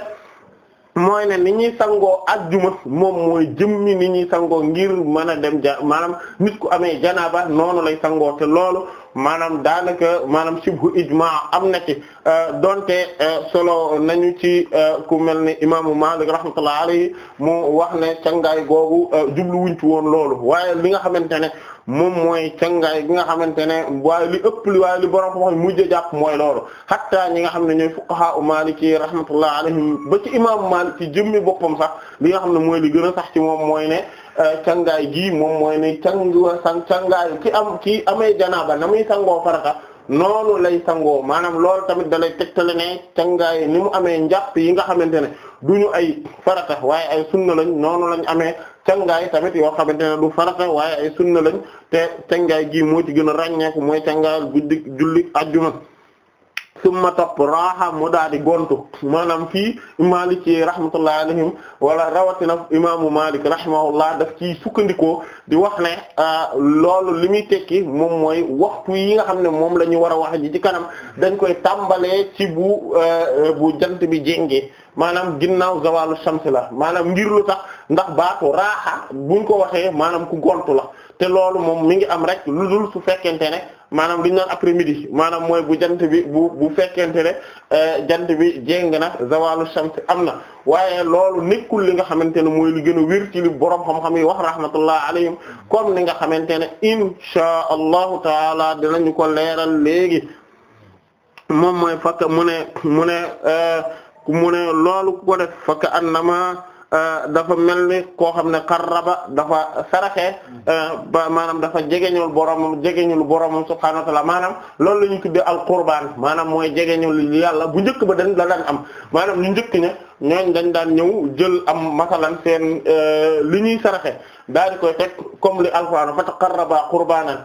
mooy ne ni ñuy sangoo ajjuma moom mooy jëmmi ni ñuy sangoo ngir mën a dem ja maanaam nit ku amee janaaba noonu lay sangoo te loolu maanaam daanaka maanaam sibhu ijmaa am na ci euh, donte euh, solo nañu ci euh, ku mel ne imaamu Maalik rahmatullahi alayhi mu wax ne cangaay googu jubluwuñ ci woon loolu waaye li nga xamante ne moom mooy cangaay gi nga xamante ne waaye li ëpp li waaye li borom ko wax mujj jàpp mooy loolu hatta ñi nga xam ne ñooy fuqaha u maliki rahmatullah alayhim ba ci imaamu Maalik ci jëmmi boppam sax li nga xam ne mooy li gën a sax ci moom mooy ne euh, cangaay gi moom mooy ne canguwa san cangaay ki am ki amee janaaba na muy sangoo farata noonu lay sangoo maanaam lool tamit da lay tegtale ne cangaay ni mu amee njàpp yi nga xamante ne duñu ay farata waaye ay sunna lañ noonu lañ amee cangaay tamit yoo xamante ne du farata waaye ay sunna lañ te cangaay gi moo ci gën a ràññeeku mooy cangaayal guddi julli ajjuma summa topp raaxa mu daal di gontu maanaam fii maliki rahmatullahi alayhim wala rawatina imaamu malik rahimahullah daf ci sukkandikoo di wax ne ah, loolu li muy tekki moom mooy waxtu yi nga xam ne moom la ñu war a wax ji ci kanam dañ koy tàmbalee ci bu eh, bu jant bi jéngee maanaam ginnaaw zawalu shams la maanaam ngir lu tax ndax baatu raaxa buñ ko waxee maanaam ku gontu te loolu moom mi ngi am rek lu dul su fekkente ne maanaam li ñu naan après midi maanaam mooy bu jant bi bu bu fekkente ne euh, jant bi jéng na zawalu shams am na waaye loolu nekkul li nga xamante ne mooy li gën a wér ci li borom xam-xam yi wax rahmatullah alayhim comme ni nga xamante ne inshaa allahu taala dinañu ko leeral léegi moom mooy fakk mu mu ne mu ne euh, loolu ko def fakk annama Euh, dafa mel ni koo xam ne qarraba dafa saraxe mm. euh, ba maanaam dafa jegeñul boromam jegeñul boromam subhaanahu wa ta'ala maanaam loolu la ñu tuddee al qurbaan maanaam mooy jege jegeñul yàlla bu njëkk ba dañ la am maanaam ñu njëkk ña ñooñ dañ daan ñëw jël am masalan seen euh, li ñuy saraxe daal di koy teg comme li alquran fa taqarraba qurbaanan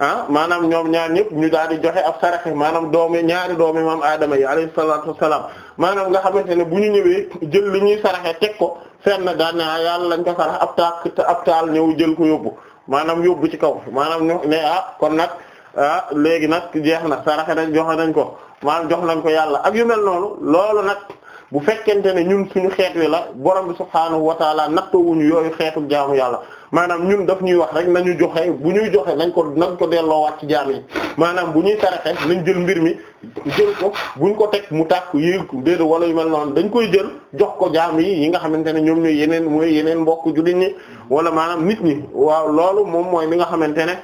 ah maanaam ñoom ñaan ñëpp ñu daal di joxe ab saraxe maanaam doomi ñaari doomi maam aadama yi alayhi salaatu wassalaam maanaam nga xamante ne bu ñu ñëwee jël li ñuy saraxe teg ko fenn daan na yàlla lañ ko sarax ab taak ab taal ñëw jël ko yóbbu maanaam yóbbu ci kaw maanaam ñu ne ah kon nag ah léegi nag jeex na saraxe nañ joxe nañ ko maanaam jox nañ ko yàlla ak yu mel noonu loolu nag bu fekkente ne ñun suñu xeet wi la borom bi subhaanahu wa taala nattoo wuñu yooyu xeetu jaamu yàlla maanaam ñun daf ñuy wax rek nañu joxe bu ñuy joxe nañ ko nañ ko delloowaat ci jaam yi maanaam bu ñuy saraxe nañ jël mbir mi jël ko buñ ko teg mu tàkk yéeg déedéet wala yu mel noonu dañ koy jël jox ko jaam yi yi nga xamante ne ñoom ñooy yeneen mooy yeneen mbokk jullit ñi wala maanaam nit ñi waaw loolu moom mooy li nga xamante ne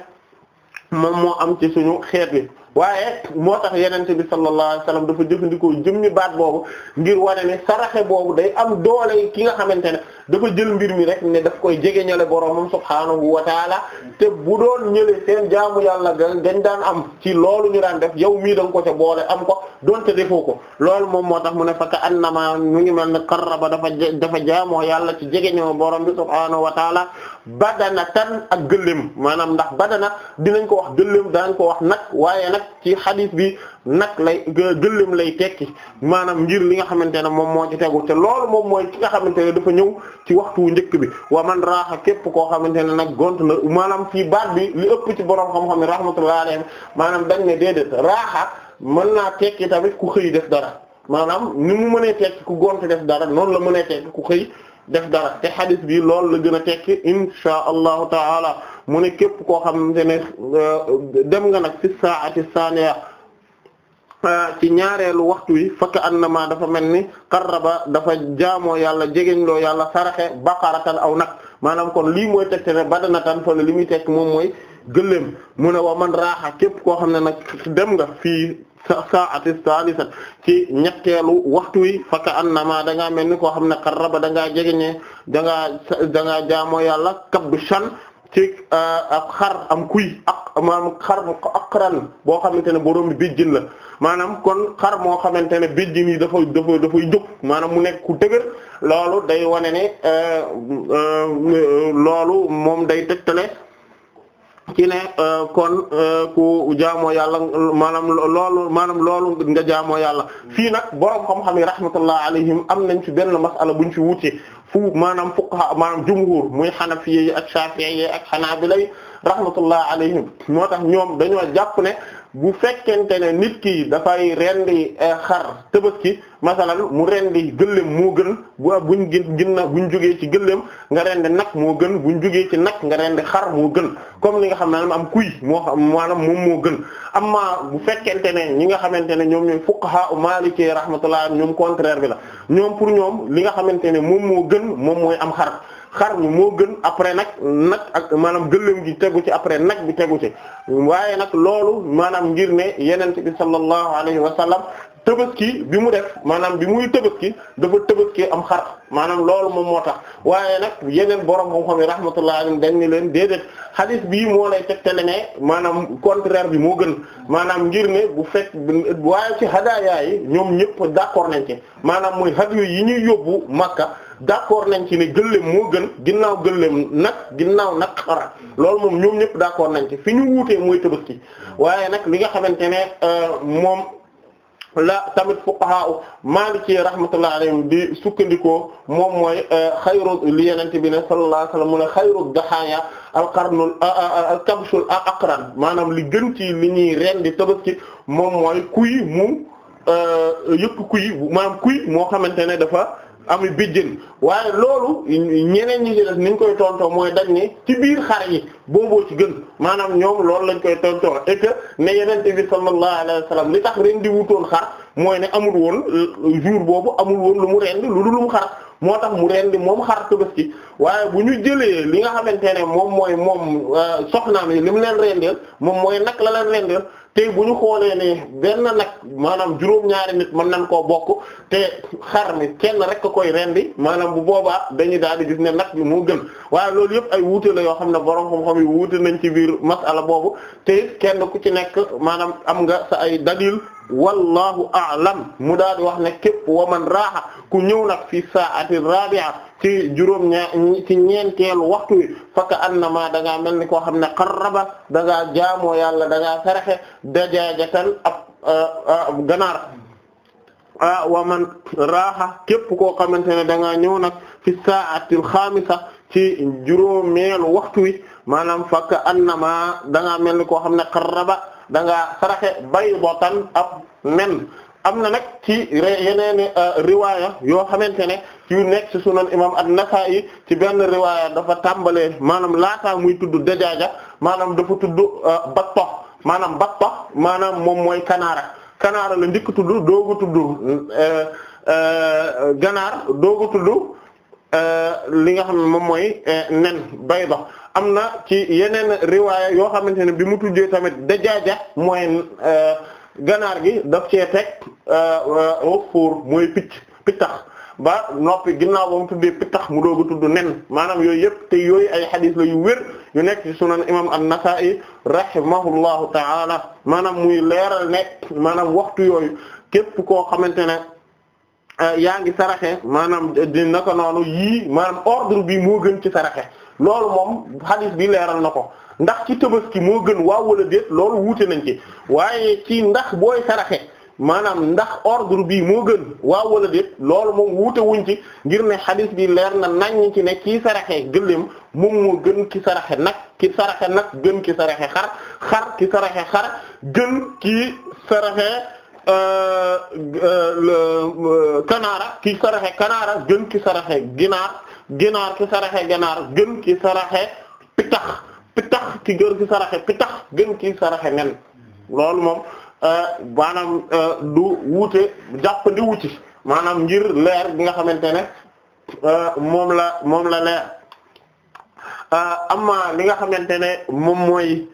moom moo am ci suñu xeet wi waaye moo tax yenente bi sallallahu alayhi wasallam dafa jëfandikoo jëmmi baat boobu ngir wane ne saraxe boobu day am doole ki nga xamante ne dafa jël mbir mi rek ne daf koy jege ñale boromam subhaanahu wa taala te bu doon ñële seen jaamu yàlla dañ daan am ci loolu ñu daan def yow mii da nga ko ca boole am ko donte defoo ko loolu moom moo tax mu ne faka annama ñu ngi mel ne qarraba dafa dafa jaamoo yàlla ci jege ñoo borom bi subhaanahu wa taala na badanatan ak gëléem maanaam ndax badana dinañ ko wax gëléem daan ko wax nag waaye nag ci hadith bi nag lay gëléem lay tekki maanaam ngir li nga xamante ne moom moo ci tegu te loolu moom mooy ki nga xamante ne dafa ñëw ci waxtu njëkk bi waa man raaxa képp koo xamante ne nag gont na maanaam fii baat bi li ëpp ci borom xam-xam ne rahmatullahi alayhi maanaam dañ ne déedéet raaxa mën naa tekki tamit ku xëy def dara maanaam ni mu mënee tekki ku gont def dara noonu la mënee tekki ku xëy. def dara te xadis bi loolu la gën a tekki inshaa allahu taala mu ne képp koo xamante ne euh, dem nga nag fi saa'ati saaniya euh, ci ñaareelu waxtu wi fakk ma dafa mel ni qarraba dafa jaamoo yàlla loo yàlla saraxe baqaratan aw nag maanaam kon lii mooy tekki ne badanatan fa la li muy tekki moom mooy gëléem mu ne wa man képp koo xam ne nag dem nga fii saa'ati saalisat ci ñetteelu waxtu wi fa ka annama da ngaa mel ni koo xam ne qarraba da ngaa jegeñee da ngaa da ngaa jaamoo yàlla kabshan ci uh, ak xar am kuy ak maanaam xar akran boo xamante ne borom bi béjjën la maanaam kon xar moo xamante ne béjjën yi dafa dafa dafay jóg maanaam mu nekk ku dëgër loolu day wane ne uh, uh, loolu moom day tegtale ci ne euh, kon euh, ku jaamoo yàlla maanaam loolu maanaam loolu nga jaamoo yàlla fii nag borom xam-xam yi rahmatullah alayhim am nañ ci benn masala buñ fi wuute fu maanaam fuqaha maanaam jumhur muy xanafi yi ak shafi'i ak ak xanaabila yi rahmatullah alayhim moo tax ñoom dañoo jàpp ne bu fekkente ne nit ki dafay rendi eh, xar tabaski masalan mu rendi gëléem moo gën bu buñ gën na buñ jógee ci gëléem nga rendi nag moo gën buñ jugee ci nag nga rendi xar moo gën comme li nga xam ne am kuy moo xam maanaam moom moo gën amma bu fekkente ne ñi nga xamante ne ñoom ñooy fuqaha maliki rahmatullah ñoom contraire bi la ñoom pour ñoom li nga xamante ne moom moo gën moom mooy am xar xar mi moo gën après nag nag ak maanaam gëléem gi tegu ci après nag bi tegu ci waaye nag loolu maanaam ngir ne yenent bi sallallahu alayhi wa sallam ki bi mu def maanaam bi muy tëbaski dafa tëbaski am xar maanaam loolu moom moo tax waaye nag yeneen borom xam-xam yi rahmatullah alayhim dañ ni leen déedéet hadith bii moo lay tegtale ne maanaam contraire bi moo gën maanaam ngir ne bu fekk waaye ci hadaya yi ñoom ñëpp d'accord nañ ci maanaam muy hadiyu yi ñuy yóbbu Makka d'accord nañ ci ne gëléem moo gën ginnaaw gëléem nag ginnaaw nag xara loolu moom ñoom ñëpp d'accord nañ ci fi ñu wuutee mooy tabaski waaye nag li nga xamante ne euh, moom la tamit fuqaha u maliki rahmatullahi alayhim di sukkandikoo moom mooy euh, xayru li yenente bi ne sallallahu alayhi wasallam mu ne xayru daxaaya alqarnul alkabshul aqran maanaam li gën ci li ñuy ren di ci moom mooy kuy mu euh, yëpp kuy maanaam kuy moo xamante ne dafa amuy bijjën waaye loolu ñeneen ñi ci niñ koy tontoo mooy dañ ni ci biir xar yi booboo ci gën maanaam ñoom loolu lañ koy tontoo et que ne yeneen bi sallallahu alayhi wa sallam li tax rendi wutoon xar mooy ne amul woon euh, jour boobu amul woon lu mu rendi lu dul lu mu xar moo tax mu rendi moom xar Tabaski waaye bu ñu jëlee li nga xamante ne moom mooy moom euh, soxnaam yi li mu leen rendeel moom mooy nag la leen rendeel tey bu ñu xoolee ne benn nag maanaam juróom-ñaari nit mën nañ koo bokk te xar mi kenn rek koy rendi maanaam bu boobaa dañuy daal di gis ne nag ñu moo gën waaye loolu yëpp ay wuute la yoo xam ne borom xam-xam yi wuute nañ ci biir masala boobu te kenn ku ci nekk maanaam am nga sa ay dalil wallahu a'lam mu daal di wax ne képp waman raaxa ku ñëw nag fi saa'ati rabi'a ci juróom ñaar ci ñeenteelu waxtu wi faka annama da ngaa mel ni koo xam ne qarraba da ngaa jaamoo yàlla da ngaa saraxe dajaajatan ab raaxa képp koo xamante ne da ngaa ñëw nag fi saa'atil xaamisa ci juróomeelu waxtu wi maanaam faka annama da ngaa mel ni koo xam ne qarraba da ngaa saraxe baydatan ab nen am na nag ci yeneen euh, riwaaya yoo xamante ne yu nekk ci sunan imam an-Nasa'i ci benn riwaaya dafa tàmbalee maanaam laataa muy tudd dajaaja maanaam dafa tudd euh, battox maanaam battox maanaam moom mooy kanaara kanaara la njëkk tudd doogu tudd euh, ganaar doogu tudd li nga xam moom mooy nen bayda am na ci yeneen riwaaya yoo xamante ne bi mu tuddee tamit dajaaja mooy euh, ganaar gi daf cee teg euh, wafuur mooy picc pittax ba noppi ginnaaw ba mu tuddee mu dooga tudd nen maanaam yooyu yëpp te yooyu ay xadis la yu wér yu nekk ci sunan imam an-Nasa'i rahimahullahu ta'ala maanaam muy leeral ne maanaam waxtu yooyu képp koo xamante ne euh, yaa ngi saraxe maanaam di naka noonu yii maanaam ordre bi moo gën ci saraxe loolu moom hadith bi leeral na ko ndax ci ki moo gën waaw wala déet loolu wuute nañ ci waaye ci ndax booy saraxe maanaam ndax ordre bi moo gën waaw wala déet loolu moom wuute wuñ ci ngir ne hadith bi leer na nañ ci ne kii saraxe gëléem mu gën ki saraxe nag ki saraxe nag gën ki saraxe xar xar ki saraxe xar gën ki saraxe. Euh, euh, euh, kanaara ki saraxe kanaara gën ki saraxe ginaar ginaar ki saraxe ginaar gën ki saraxe pitax pitax ki gën ki saraxe pitax gën ki saraxe nen loolu moom euh, maanaam euh, du wuute jàppandi wu ci maanaam ngir leer bi nga xamante ne euh, moom la moom la leer amma li nga xamante ne moom mooy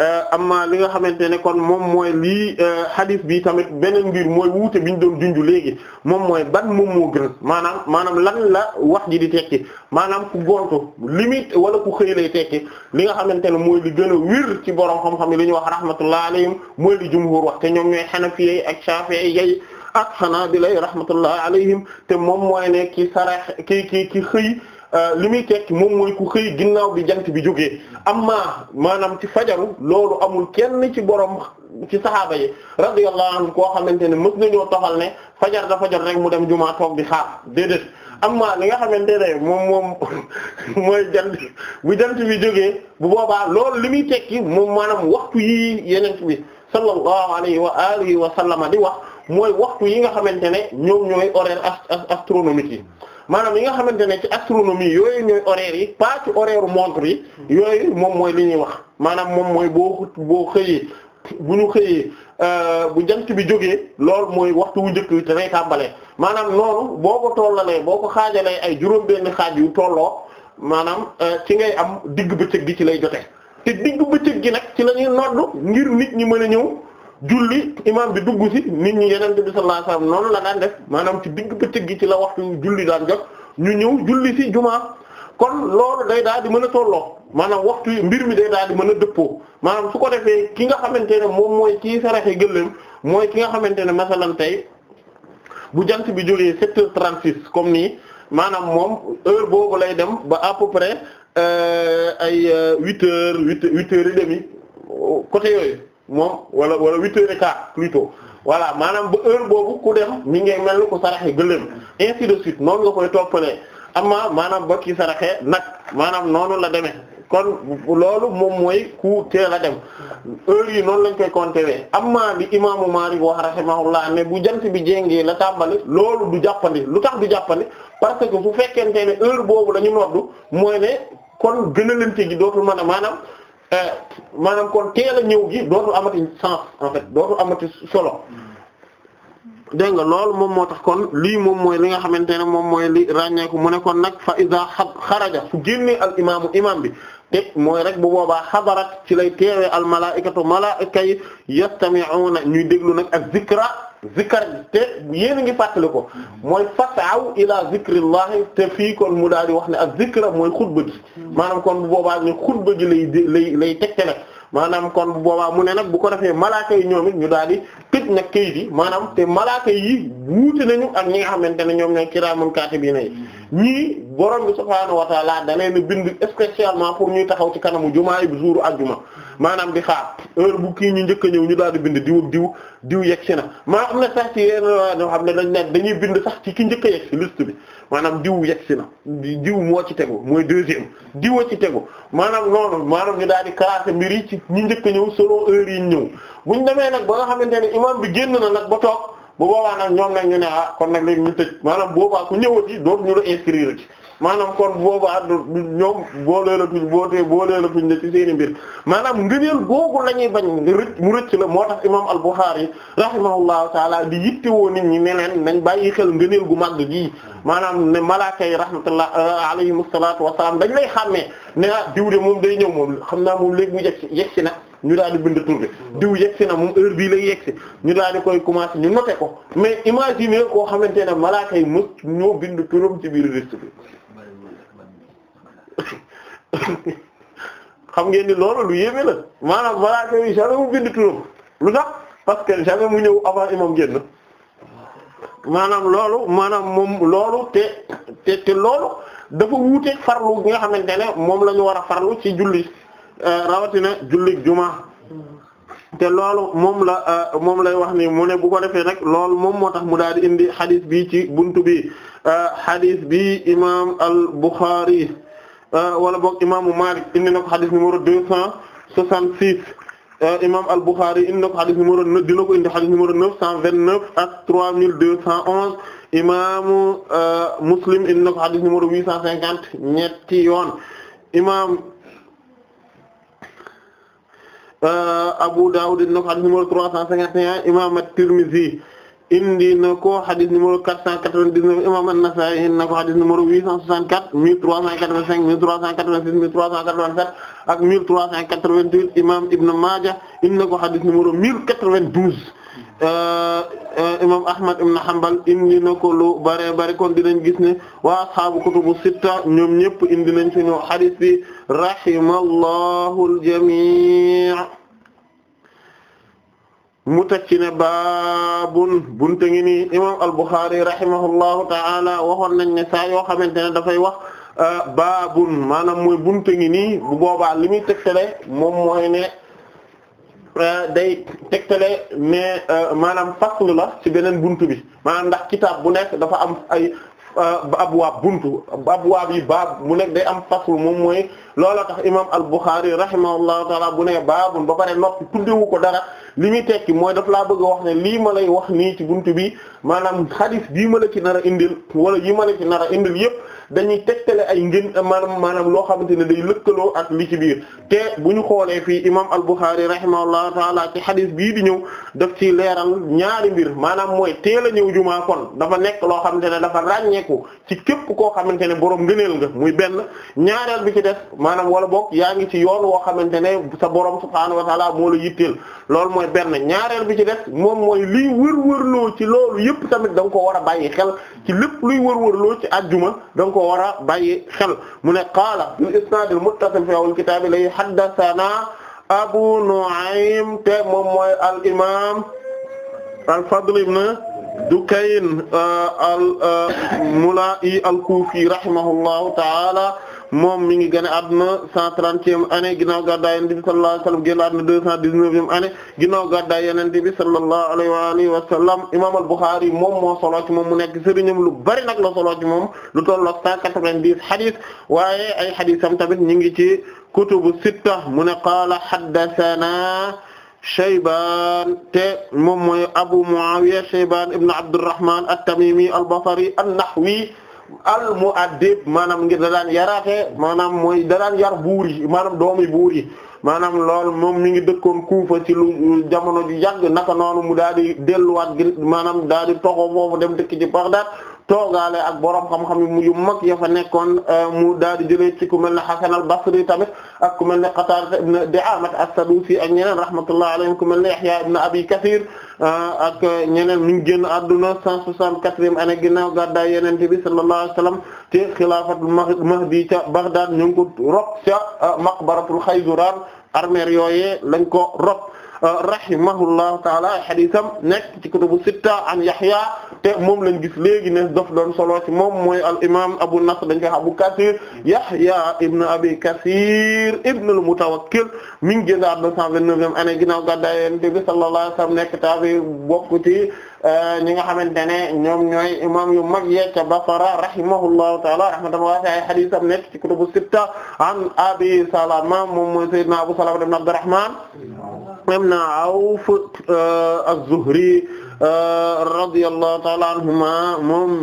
Euh, amma li nga xamante ne kon moom mooy lii euh, hadith bi tamit beneen mbir mooy wuute bi ñu doon junju léegi moom mooy ban moom moo gën maanaam maanaam lan la wax ji di tekki maanaam ku gontu limite wala ku xëy lay tekki li nga xamante ne mooy li gën a wir ci borom xam-xam yi ñuy wax rahmatullah alayhim mooy li jumhur wax te ñoom ñooy hanafiyyi ak shafi'iyyi ak hanabila rahmatullah alayhim te moom mooy ne ki sarax ki ki ki xëy. Euh, li muy tekki moom mooy ku xëy ginnaaw bi jant bi jógee amma maanaam ci fajaru loolu amul kenn ci borom ci saxaaba yi radiyallahu anhu koo xamante ne mës nañoo toxal ne fajar dafa jot rek mu dem jumaa toog di xaar déedéet amma li nga xamante ne moom moom *laughs* mooy jant bu jant bi jógee bu boobaa loolu li muy tekki moom maanaam waxtu yii yeneen bi sallallahu alayhi wa alihi wa sallama di wax mooy waxtu yi nga xamante ne ñoom ñooy horaire astronomique yi maanaam yi nga xamante ne ci astronomie yooyu ñooy horaires yi pas ci horaire montre yi yooyu moom mooy li ñuy wax maanaam moom mooy boo boo xëyee bu ñu xëyee euh, bu jant bi jógee loolu mooy waxtu wu njëkk wi te lay tàmbalee maanaam noonu boo ko tollalee boo ko xaajalee ay juróom-benn xaaj yu tolloo maanaam euh, ci ngay am digg bëccëg gi ci lay jotee te digg bëccëg gi nag ci la ñuy noddu ngir nit ñi mën a ñëw. julli imam bi dugg ci nit ñi yeneen bi sallallahu alayhi noonu la daan def maanaam ci digg bëccëg gi ci la waxtu julli daan jot ñu ñëw julli ci jumaa kon loolu day daal di mën a tolloo maanaam waxtu mbir mi day daal di mën a dëppoo maanaam su ko defee ki nga xamante ne moom mooy kii saraxe gëléem mooy ki nga xamante ne masalan tey bu jant bi jógee 7h36 comme nii maanaam moom heure boobu lay dem ba à peu près euh, ay 8h 8 h 8 8 côté yooyu. moom wala wala huit heures et quart maanaam ba heure boobu ku dem mi ngi mel ko ku saraxe gëléem ainsi de suite noonu nga koy toppalee amma maanaam ba ki saraxe nag maanaam noonu la demee kon loolu moom mooy ku teel a dem heure yi noonu lañ koy compter amma li imaamu Maalik wax rahimahullah ne bu jant bi jengee la tàmbali loolu du jàppandi lu tax du jàppandi parce que su fekkente ne heure boobu la ñu noddu mooy ne kon gënalante gi dootul mën a maanaam Euh, maanaam kon teel a ñëw gi dootul amati sens en fait dootul amati solo dégg nga loolu moom moo tax kon lii moom mooy li nga xamante ne moom mooy li ràññeeku mu ne kon nag fa iza xaraja su génnee al imaamu imaam bi te mooy rek bu boobaa xadarat ci lay teewee al malaa'ikatu malaa'ika yi yastami'una ñuy déglu nag ak zikra zikar te yéen a ngi fàttali ko mooy fasaw ila zikrillahi te fii kon mu daal di wax ne ak zikra mooy xutba gi maanaam kon bu boobaa ne xutba gi lay lay lay tegtale maanaam kon bu boobaa mu ne nag bu ko defee malaaka yi ñoom ñu daal di tëj nag kayit yi maanaam te malaaka yi wuute nañu ak ñi nga xamante ne ñoom ñooy kiraamun kaatibiin yi ñii borom bi subhaanahu wa taala da leen bind spécialement pour ñuy taxaw ci kanamu jumaa yi bu jouru àjjuma maanaam di xaar heure bu kii ñu njëkk a ñëw ñu daal di bind diw ak diw diw yegg si na maa am na sax ci yenn ñoo xam ne dañ ne dañuy bind sax ci ki njëkk a yegg si liste bi maanaam diw yegg si na diw moo ci tegu mooy deuxième diwa ci tegu maanaam noonu maanaam ñu daal di classé mbir yi ci ñi njëkk a ñëw selon heure yi ñëw buñ demee nag ba nga xamante ne imam bi génn na nag ba toog bu boobaa nag ñoom nag ñu ne ah kon nag léegi ñu tëj maanaam boobaa ku ñëwati dootu ñu la inscrire ci maanaam kon boobaa du ñoom boolee la tuñ bootee boolee la tuñ ne ci seeni mbir maanaam ngëneel googu la ñuy bañ rëcc mu rëcc la moo tax imam al-Bukhari rahimahullahu taala di yitte woo nit ñi meneen leen nañ bàyyi xel ngëneel gu màgg gi maanaam ne malaaka yi rahmatullah alayhim salaatu wassalaam dañ lay xàmmee ne ah diw de moom day ñëw moom xam naa moom léegi mu yegg si yegg si na ñu daal di bind tur bi diw yegg si na moom heure bii lay yegg ñu daal di koy commencé ñu noté ko mais imaginer koo xamante ne malaaka yi mës ñoo bind turam ci biir xam ngeen ni loolu lu yéeme la maanaam malaaka yi jamais mu lu tax parce que mu ñëw avant imam génn maanaam loolu maanaam moom loolu te te te loolu dafa wuute farlu bi nga xamante ne moom lañu ñu war a farlu ci julli euh, rawatina julli juma te loolu moom la euh, moom lay wax ni mu ne bu ko defee rek lool moom moo tax mu daal di indi xadis bi ci buntu bi euh, xadis bi imam al Bukhari Euh, wala boog imaamu Malik indi na ko xadis numéro deux cent soixante six euh, imaam al-Bukhari indi na ko xadis neuf cent vingt neuf ak trois mille deux cent onze imaamu euh, Muslim indi na ko xadis numéro huit cent cinquante ñetti yoon imaam Abu Dawud indi na ko xadis trois cent cinquante et un imaam at-Tirmidhi indi na ko xadis numéro 499 imam An-Nasa'i indi na ko xadis numéro 864 1385 1386 1387 ak 1388 imam Ibn Maaja indi na ko xadis numéro 1092 euh, euh, imam Ahmad ibn Hanbal indi na ko lu bare bare kon dinañ gis ne waa ashaabu kutubu sitta ñoom ñëpp indi nañ suñu xadis bi rahimallahu al mu teg ci ne baabun bunte ngi nii imam al-Bukhari rahimahullahu ta'ala waxoon nañ ne saa yoo xamante ne dafay wax euh, baabun maanaam muy bunte ngi nii bu boobaa li muy tegtale moom mooy ne euh, day tegtale ne euh, maanaam faslu la ci beneen buntu bi maanaam ndax kitaab bu nekk dafa am ay abwaab buntu abwaab yi baab mu nekk day am faslu moom mooy loola tax imam al-Bukhari rahimahullahu taala bu ne baabun ba pare noppi tuddewu ko dara li muy tekki mooy daf laa bëgg a wax ne lii ma lay wax nii ci buntu bi maanaam xadis bii ma la ci nar a indil wala yi ma la ci nar a indil yëpp dañuy tegtale ay ngën maanaam maanaam loo xamante ne day lëkkaloo ak li ci biir te bu ñu xoolee fii imam al-Bukhari rahimahullahu taala ci hadith bii di ñëw daf ci leeral ñaari mbir maanaam mooy teel a ñëw jumaa kon dafa nekk loo xamante ne dafa ràññeeku ci képp koo xamante ne boroom ngëneel nga muy benn ñaareel bi ci def maanaam wala boog yaa ngi ci yoon woo xamante ne sa borom subhaanahu wa taala moo la loolu mooy benn ñaareel bi ci def moom mooy liy wër-wërloo ci loolu yëpp tamit da nga ko war a bàyyi xel ci lépp luy wër loo ci at da nga ko ko war a bàyyi xel mu ne qaala bil isnaadil muttasil fi awwal kitaab lay haddasanaa Abu Nu'aym te moom mooy al imaam al Fadl ibn Dukayn euh, al euh, Mula'i al Kufi rahimahullahu ta'ala moom mi ngi gën a adduna cent trentième année ginnaaw gàddaay yonent bi sallallahu alayhi wa sallam génn adduna deux cent dix-neuvième bi sallallahu alayhi wa alihi wa sallam imam al-Bukhari moom moo solo ci moom mu nekk sëriñam lu bari nag la solo ci moom lu toll ak cent quatre-vingt-dix waaye ay haditham tamit ñu ngi ci kutubu sitta mu ne qaala haddathana Shaybaan te moom mooy Abu Muawiya Shaybaan ibn Abdurrahman at-Tamimi al-Basri an-Nahwi al mu'addib maanaam ngir da daan yaraate maanaam mooy da yar buur yi maanaam doomi buur yi maanaam lool moom mi ngi dëkkoon Kuufa ci lu jamono ju yàgg naka noonu mu daal di delluwaat maanaam daal di toxoo foofu dem dëkk ci Baghdad toogaale ak borom xam-xam yu mag ya fa nekkoon euh, mu daal di jëlee ci ku mel ne Hasan al-Basri tamit ak ku mel ne Qatada ibn Di'aama as-Sadusi ak ñeneen rahmatullahi alayhim ku mel ne Yahya ibn Abi Kathir euh, ak ñeneen ñu ngi génn àdduna 164e année ginnaaw gàddaay Yonent bi sallallahu alayhi wa sallam ci xilaafatul Mahdi ca Baghdad ñu ngi ko rob ca euh, maqbaratul Khayzuran armeer yooyee lañ ko rob rahimahullahu taala ay xadisam nekk ci kutubu sitta an Yahya te moom lañ gis léegi ne daf doon solo ci moom mooy al imam Abu Nasr dañ koy wax Abu Kasir Yahya ibn Abi Kasir ibn al-Mutawakkil mi ngi génn àdduna 129e année ginnaaw gàddaay Yonent bi sallallahu alayhi wa sallam nekk tabi bokk ci Euh, ñi nga xamante ne ñoom ñooy imam yu mag ya ca Basra rahimahullahu taala rahmatan waasi'a ay hadith am ci kutubu sitta an Abi Salama moom mooy sayyidina Abu Salama ibn Abdurrahman ibn Awf euh, az-Zuhri euh, radiyallahu taala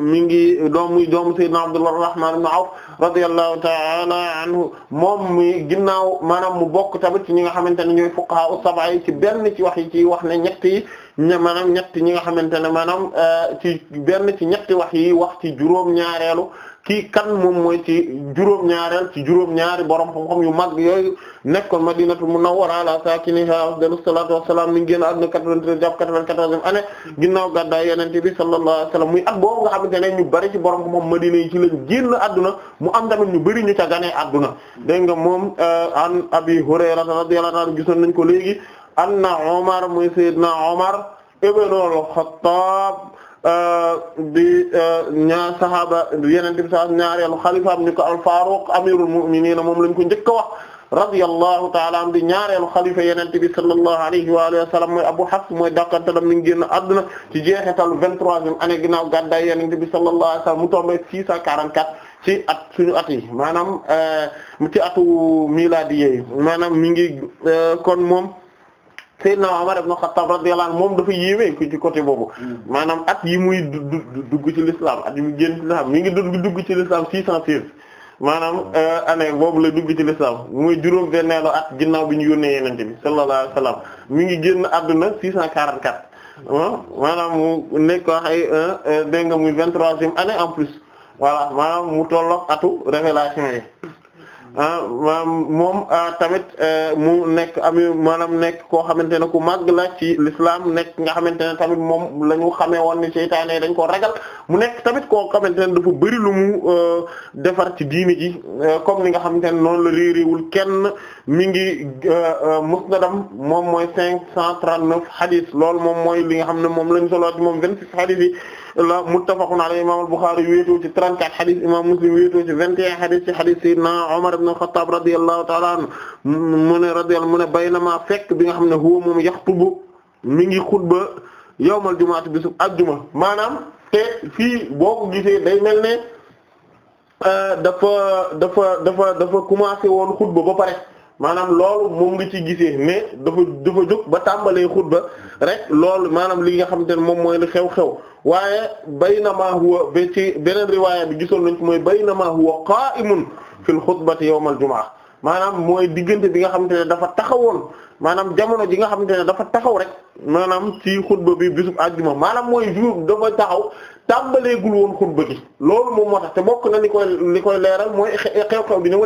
mi ngi doomu doomu sayyidina Abdurrahman ibn Awf ginnaaw maanaam mu bokk tamit ci ñi nga xamante ne ñooy fuqaha as-sab'a ci benn ci wax yi ci wax ne ñett maanaam ñetti ñi nga xamante ne maanaam euh, ci benn ci ñetti wax yi wax ci juróom-ñaareelu kii kan moom mooy ci juróom-ñaareel ci juróom-ñaari borom xam-xam yu mag yooyu nekkoon Madinatu Munawwara ala saakinihaa afdalu salaatu wassalaam mi ngi génn àdduna 93 jàpp 94e année ginnaaw gàddaay Yonent bi sallallahu alayhi wasallam muy at boobu nga xamante ne ñu bari ci borom xam Madina yi ci lañ génn àdduna mu am tamit ñu bari ñu ca ganee àdduna dégg nga moom euh, an Abi Hurayra radiyallahu anhu gisoon nañ ko léegi anna Omar muy Seydina Omar ibn al-Khattab euh, di ñaar saxaaba yeneen tamit sax ñaareelu xalifaam ñu ko al-Faruq amirul mu'minin moom lañ ko njëkk a wax radiyallahu ta'ala anhu di ñaareelu xalifa yeneen bi sallallahu alayhi wa alihi wa sallam mooy Abu Hafs mooy dakkantalam mi ngi génn àdduna ci jeexitalu 23e année ginnaaw gàddaay yeneen bi sallallahu alayhi wa sallam mu tombé 644. ci at suñu yi maanaam euh, ci atu miladi yi euh, kon moom Seydina Omar ibn Khattab radiyallahu anhu moom dafa yéeme ku ci côté boobu mm. maanaam at yi muy dugg ci l'islam at yi muy génn ci l'islam mi ngi dugg ci l'islam six cent seize maanaam mm. euh, année boobu la dugg ci l'islam muy juróom benneelu at ginnaaw bi ñu yónnee yenente bi sallallahu alayhi wasallam mi ngi génn adduna six cent quarante quatre ah, maanaam mu nekk ko ay euh, euh, dégg nga muy vingt-troisième année en plus voilà maanaam mu tolloog atu révélation yi Ah, moom ah, tamit eh, mu nekk ami maanaam nekk koo xamante ne ku màgg la ci lislaam nekk nga xamante ne tamit moom la ñu xamee woon ni seytaane dañ ko ragal mu nekk tamit koo xamante ne dafa bëri lu mu eh, defar ci diini ji eh, comme ni nga xamante ne noonu la réeréewul kenn mi ngi musnadam moom mooy cinq cent trente-neuf hadith loolu moom mooy li nga xam ne moom lañ solo ci moom vingt-six hadith la muttafaqun alayhi imam al-Bukhari wéetoo ci 34 hadith imam Muslim wéetoo ci 21 hadith ci hadith sayyidina Umar ibn al-Khattab radiyallahu ta'ala anhu mu ne radiyallahu mu baynama fekk bi nga xam ne huwa moom yaxtubu mu ngi xutba yawmal jumaati bisub ajjuma maanaam te fii boo ko gisee day mel ne euh, dafa dafa dafa dafa commencé woon xutba ba pare maanaam loolu moom nga ci gisee ne dafa dafa jóg ba tàmbalee xutba rek loolu maanaam li nga xamante ne moom mooy li xew-xew waaye baynamaa huwa ba ci beneen riwaaya bi gisoon nañ ko mooy baynamaa huwa qaa'imun fil xutbati yawmal jumaa maanaam mooy diggante bi nga xamante ne dafa taxaw woon maanaam jamono ji nga xamante ne dafa taxaw rek maanaam ci xutba bi bisub àjjuma maanaam mooy jour dafa taxaw tàmbaleegul woon xutba gi loolu moom moo tax te bokk na ni koy li koy leeral mooy xew-xew bi ni mu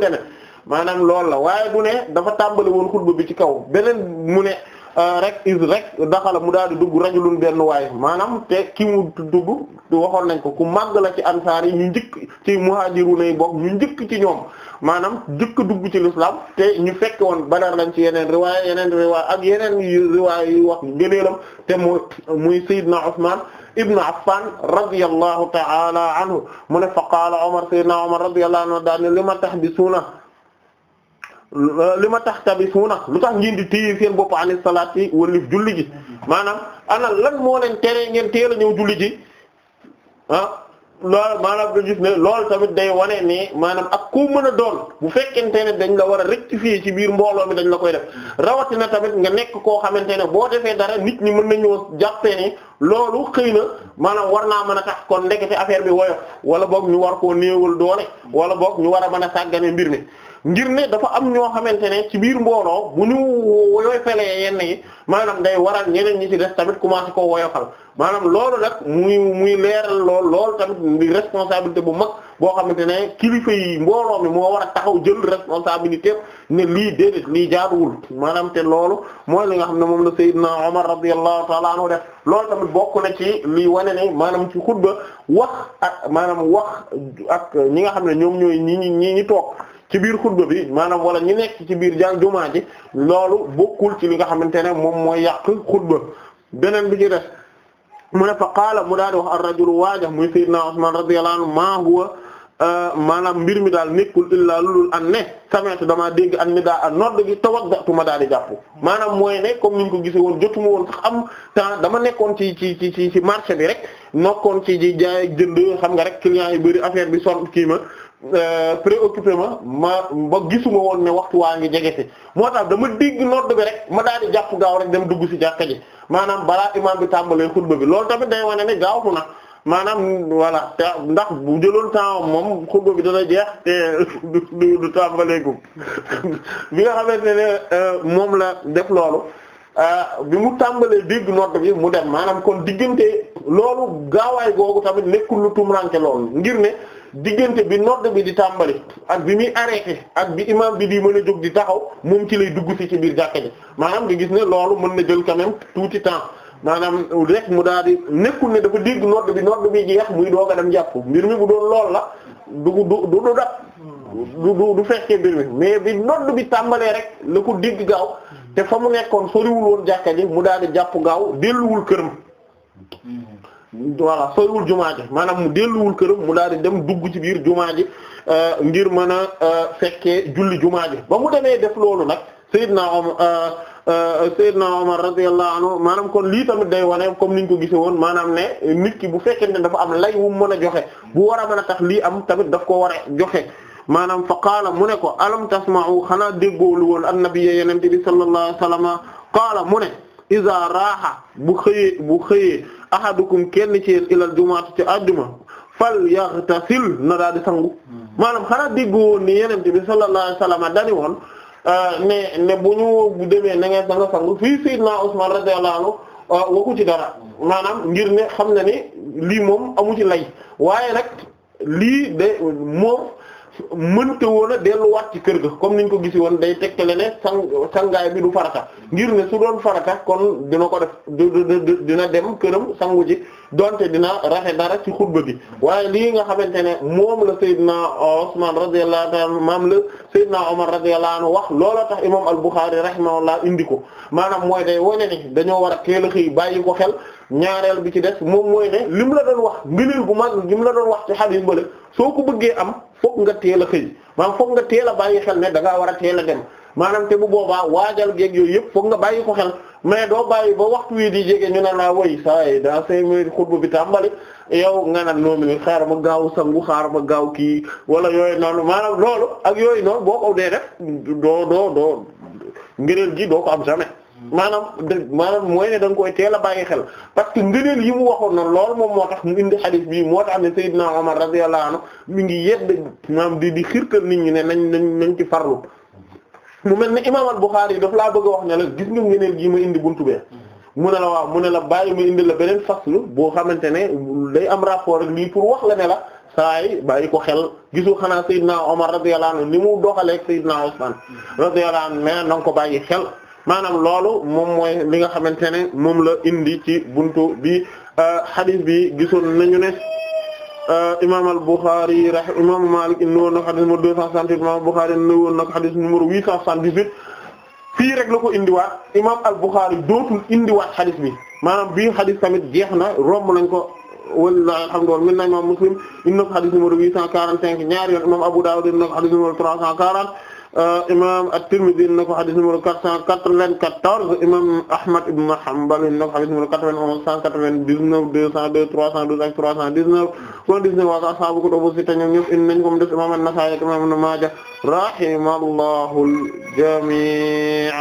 maanaam loolu la waaye du ne dafa tàmbali woon xutba bi ci kaw beneen mu ne euh, rek is rek daxala mu daal di dugg rajulun benn waay maanaam te ki mu dugg waxoon nañ ko ku màgg la ci ansaar yi ñu njëkk ci muhajiruna yi bokk ñu njëkk ci ñoom maanaam njëkk dugg ci l'islam te ñu fekk woon Badar lañ ci yeneen riwaaya yeneen riwaaya ak yeneen riwaaya yu wax gëneelam te mu muy Seydina Usman ibnu Affan radiyallahu ta'ala anhu mu ne fa qaala Umar Seydina Umar radiyallahu anhu daal ne li ma tahbisuuna li ma tax tabi suuna lu tax ngeen di téye seen bopp ani salaat yi walif julli ji maanaam ana lan moo leen tere ngeen teel a ñëw julli ji ah loolu maanaam nga gis ne loolu tamit day wane ne maanaam ak ku mën a doon bu fekkente ne dañ la war a rectifier ci biir mbooloo mi dañ la koy def rawatina tamit nga nekk koo xamante ne boo defee dara nit ñi mën nañoo jàppee ne loolu xëy na maanaam war naa mën a tax kon ndekete affaire bi woyof wala boog ñu war koo néewal doole wala boog ñu war a mën a sàggane mbir mi. ngir ne dafa am ñoo xamante ne ci biir mbooloo bu ñu woyoy felee yenn yi maanaam day waral ñeneen ñi ci des tamit commencé koo woyofal maanaam loolu nag muy muy leeral lool loolu tamit di responsabilité bu mag boo xamante ne kilifa yi mbooloo mi moo war a taxaw jël responsabilité ne lii déedéet lii jaaduwul maanaam te loolu mooy li nga xam ne moom la Seydina Omar radiyallahu ta'ala anhu loolu tamit bokk na ci lii wane maanaam ci xutba wax ak maanaam wax ak ñi nga xam ne ñoom ñooy ñi ñi ñi toog ci biir xutba bi maanaam wala ñu nekk ci biir jàng jumaa ji loolu bokkul ci li nga xamante ne moom mooy yàq xutba beneen bi ñu def mu ne fa qaala mu daal di wax ar-rajulu waaja muy sayyidna Usman radiyallahu anhu maa huwa maanaam mbir mi daal nekkul illaa lulul an ne sami'tu damaa dégg an ni daa a nodd gi tawaddatu ma daal di jàpp maanaam mooy ne comme niñ ko gisee woon jotuma woon sax am temps dama nekkoon ci ci ci ci ci marché bi rek nokkoon ci ji jaay jënd xam nga rek client yi bëri affaire bi son kii ma Euh, préoccupé ma ma ba gisuma woon ne waxtu waa ngi jege si moo tax dama dégg nodd bi rek ma daal di jàpp gaaw rek dem dugg si jàkka ji maanaam balaa imaam bi tàmbalee xutba bi loolu tamit day wane ne gaawtu na maanaam voilà te ndax bu jëloon temps moom xutba bi dana jeex te du du tàmbaleekum *laughs* bi nga xamante ne euh, moom la def loolu euh, bi mu tàmbalee dégg nodd bi mu dem maanaam kon diggante loolu gaawaay googu tamit nekkul lu tumranke loolu ngir ne diggante bi nodd bi di tàmbali ak bi muy arrêté ak bi imam bi di mën a jóg di taxaw moom ci lay dugg si ci biir jàkka ji maanaam nga gis ne loolu mën na jël quand même tuuti temps maanaam rek mu daal di nekkul ne dafa dégg nodd bi nodd bi jeex muy doog a dem jàpp mbir mi bu doon lool la du du du du du du fekkee mbir mi mais bi nodd bi tàmbalee rek la ko dégg gaaw te fa mu nekkoon soriwul woon jàkka mu daal di jàpp gaaw delluwul këram voilà soriwul jumaa ji maanaam mu delluwul këram mu daal di dem dugg ci biir jumaa ji euh, ngir mën a euh, fekkee julli jumaa ji ba mu demee def loolu nag Seydina Omar euh, Seydina Omar radiyallahu anhu maanaam kon lii tamit day wane comme niñ ko gisee woon maanaam ne nit ki bu fekkee ne dafa am lay wu mu mën a joxe bu war a mën a tax lii am tamit daf ko war joxe. maanaam fa qaala mu ne ko alam tasma'u xanaa déggoolu woon annabiyya yenente bi sallallahu alayhi wa sallam qaala mu ne iza raaha bu xëyee bu xëyee ahadukum kenn ci ilal jumaatu ci àjjuma fal yaghtasil na daal di sangu hmm. maanaam xanaa dégg woon ni yenente bi sallallahu alayhi wasallam dani woon euh, ne ne bu ñu demee na ngeen da nga sangu fii sayyidna Usman radiyallahu anhu euh, waxu ci dara hmm. maanaam ngir ne xam na ne lii moom a ci lay waaye nag lii de moom mënta woon dellu delluwaat ci kër ga comme niñ ko gisi woon day tegtale ne sang sangaay bi du farata ngir ne su doon farata kon dina ko def dina dem këram sangu ji donte dina raxe dara ci xutba bi waaye lii nga xamante ne moom la Seydina Usman radiyallahu ta'ala anhu maam la Seydina Umar radiyallahu anhu wax loola tax imam al-Bukhari rahimahullah indi ko maanaam mooy day wone ni dañoo war a xëy bàyyi ko xel ñaareel bi ci des moom mooy ne li mu la doon wax ngëneel bu mag li mu la doon wax ci xadiis bële soo ko bëggee am fokk nga teel a xëy maanaam fokk nga teel a bàyyi xel ne da war a teel a dem te bu boobaa waajal geeg yooyu yëpp fokk nga bàyyi ko xel mais doo bàyyi ba waxtu wi di jege ñu ne naa woy saa yi daa cinq minutes xutba bi tàmbali yow nga naan noonu ni xaaral ma gaaw sangu xaaral ma gaaw kii wala yooyu noonu maanaam loolu ak yooyu noonu boo ko dee def doo doo doo ngëneel gi doo ko am jamais maanaam dë maanaam mooy ne da nga koy teel a bàyyi xel parce que ngëneel yi mu waxoon na lool moom moo tax mu indi hadith bii moo tax ne Seydina Omar radiyallahu anhu mi ngi yedd maanaam di di xirtal nit ñi ne nañ nañ nañ ci farlu mu mel ne imaam al-Bukhari daf laa bëgg a wax ne gis nga ngëneel gii ma indi buntu bee mu ne la waaw mu ne la bàyyi mu indi la beneen faslu boo xamante ne day am rapport ak lii pour wax la ne la saa bàyyi ko xel gisu xanaa Seydina Omar radiyallahu anhu ni mu doxalee ak Seydina Usman radiyallahu anhu mais na ko bàyyi xel. maanaam loolu moom mooy li nga xamante ne moom la indi ci buntu bi hadith euh, bi gisoon nañu ne euh, imam al-Bukhari ra Malik indi woon na ko hadith numéro deux cent soixante-huit imam al-Bukhari woon na ko hadith numéro huit cent soixante-dix-huit fii rek la ko indiwaat imam al-Bukhari dootul indiwaat hadith bi maanaam bii hadith tamit jeex na romb nañ ko walillahi alhamdu minna imam Muslim indi na ko hadith numéro huit cent quarante-cinq ñaari yoon imam Abu Dawud indi na ko hadith trois cent quarante Euh, imam at-Tirmidhi na ko xadis numéro quatre cent quatre-vingt-quatorze imam Ahmad ibn Hanbal na ko xadis numéro quatre-vingt-onze cent quatre-vingt-dix-neuf deux cent deux trois cent douze ak trois cent dix-neuf kon dix-neuf ko mu des imam an-Nasa'i imam Ibn Maaja rahimallahu al-jami'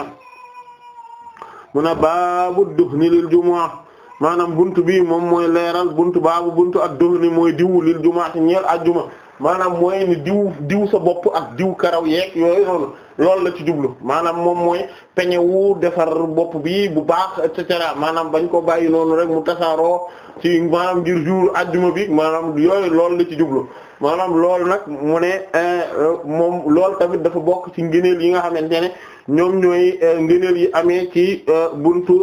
mu na baabu duhni lil jumu'a maanaam bunt bi moom mooy leeral buntu baabu buntu ad-duhni mooy diwu lil jumu'a ñeel àjjuma maanaam mooy ni diw diw sa bopp ak diw karaw yeeg yooyu noonu loolu la ci jublu maanaam moom mooy peñe wu defar bopp bi bu baax et maanaam bañ koo bàyyi noonu rek mu tasaaroo ci maanaam ngir jour ajjuma bi maanaam yooyu loolu la ci jublu maanaam lool nag mu ne euh, moom lool tamit dafa bokk ci ngëneel yi nga xamante ne ñoom ñooy euh, ngëneel yi amee ci euh, buntu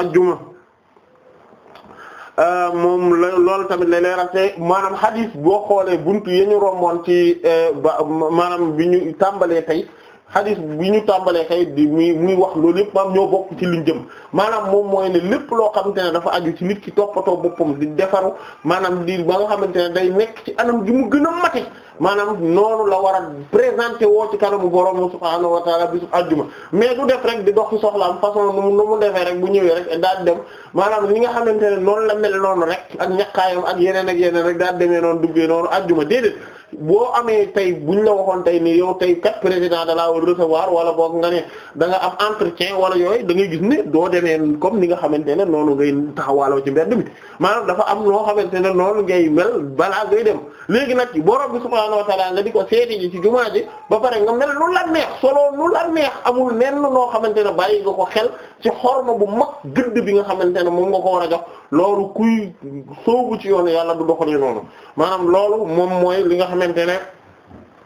ajjuma Euh, moom la loolu tamit lay leeral te maanaam xadis boo xoolee buntu yi ñu romboon ci euh, ba maanaam bi ñu tàmbalee tey xadis bi ñu tàmbalee tey di muy muy wax loolu yëpp maam ñoo bokk ci liñ jëm maanaam moom mooy ne lépp loo xamante ne dafa aju ci nit ki toppatoo boppam di defaru maanaam di ba nga xamante ne day nekk ci anam ji mu gën a mate maanaam noonu la war a présenter woo ci kanamu borom subhaanahu wa taala bisu àjjuma mais du def rek di dox ci soxlaam façon nu mu defee rek bu ñëwee rek daal dem maanaam ñi nga xamante ne noonu la mel noonu rek ak ñaqaayam ak yeneen ak yeneen rek daal demee noonu duggee noonu àjjuma déedéet boo amee tey buñ la waxoon tey ni yow tey kat président da laa war recevoir wala boog nga ne da am entretien wala yooyu da ngay gis ne doo demee comme ni nga xamante ne noonu ngay taxawaaloo ci mbedd mi maanaam dafa am noo xamante ne noonu ngay mel balaa ngay dem léegi nag boo bi subhaanahu wa ta'ala nga di ko seeti ji ci jumaa ji ba pare nga mel lu la neex solo lu la neex amul nenn noo xamante ne bàyyi nga ko xel ci xorma bu mag gëdd bi nga xamante ne moom nga ko war a jox loolu kuy soobu ci yoonu yàlla du doxalee noonu maanaam loolu moom mooy li nga xamante ne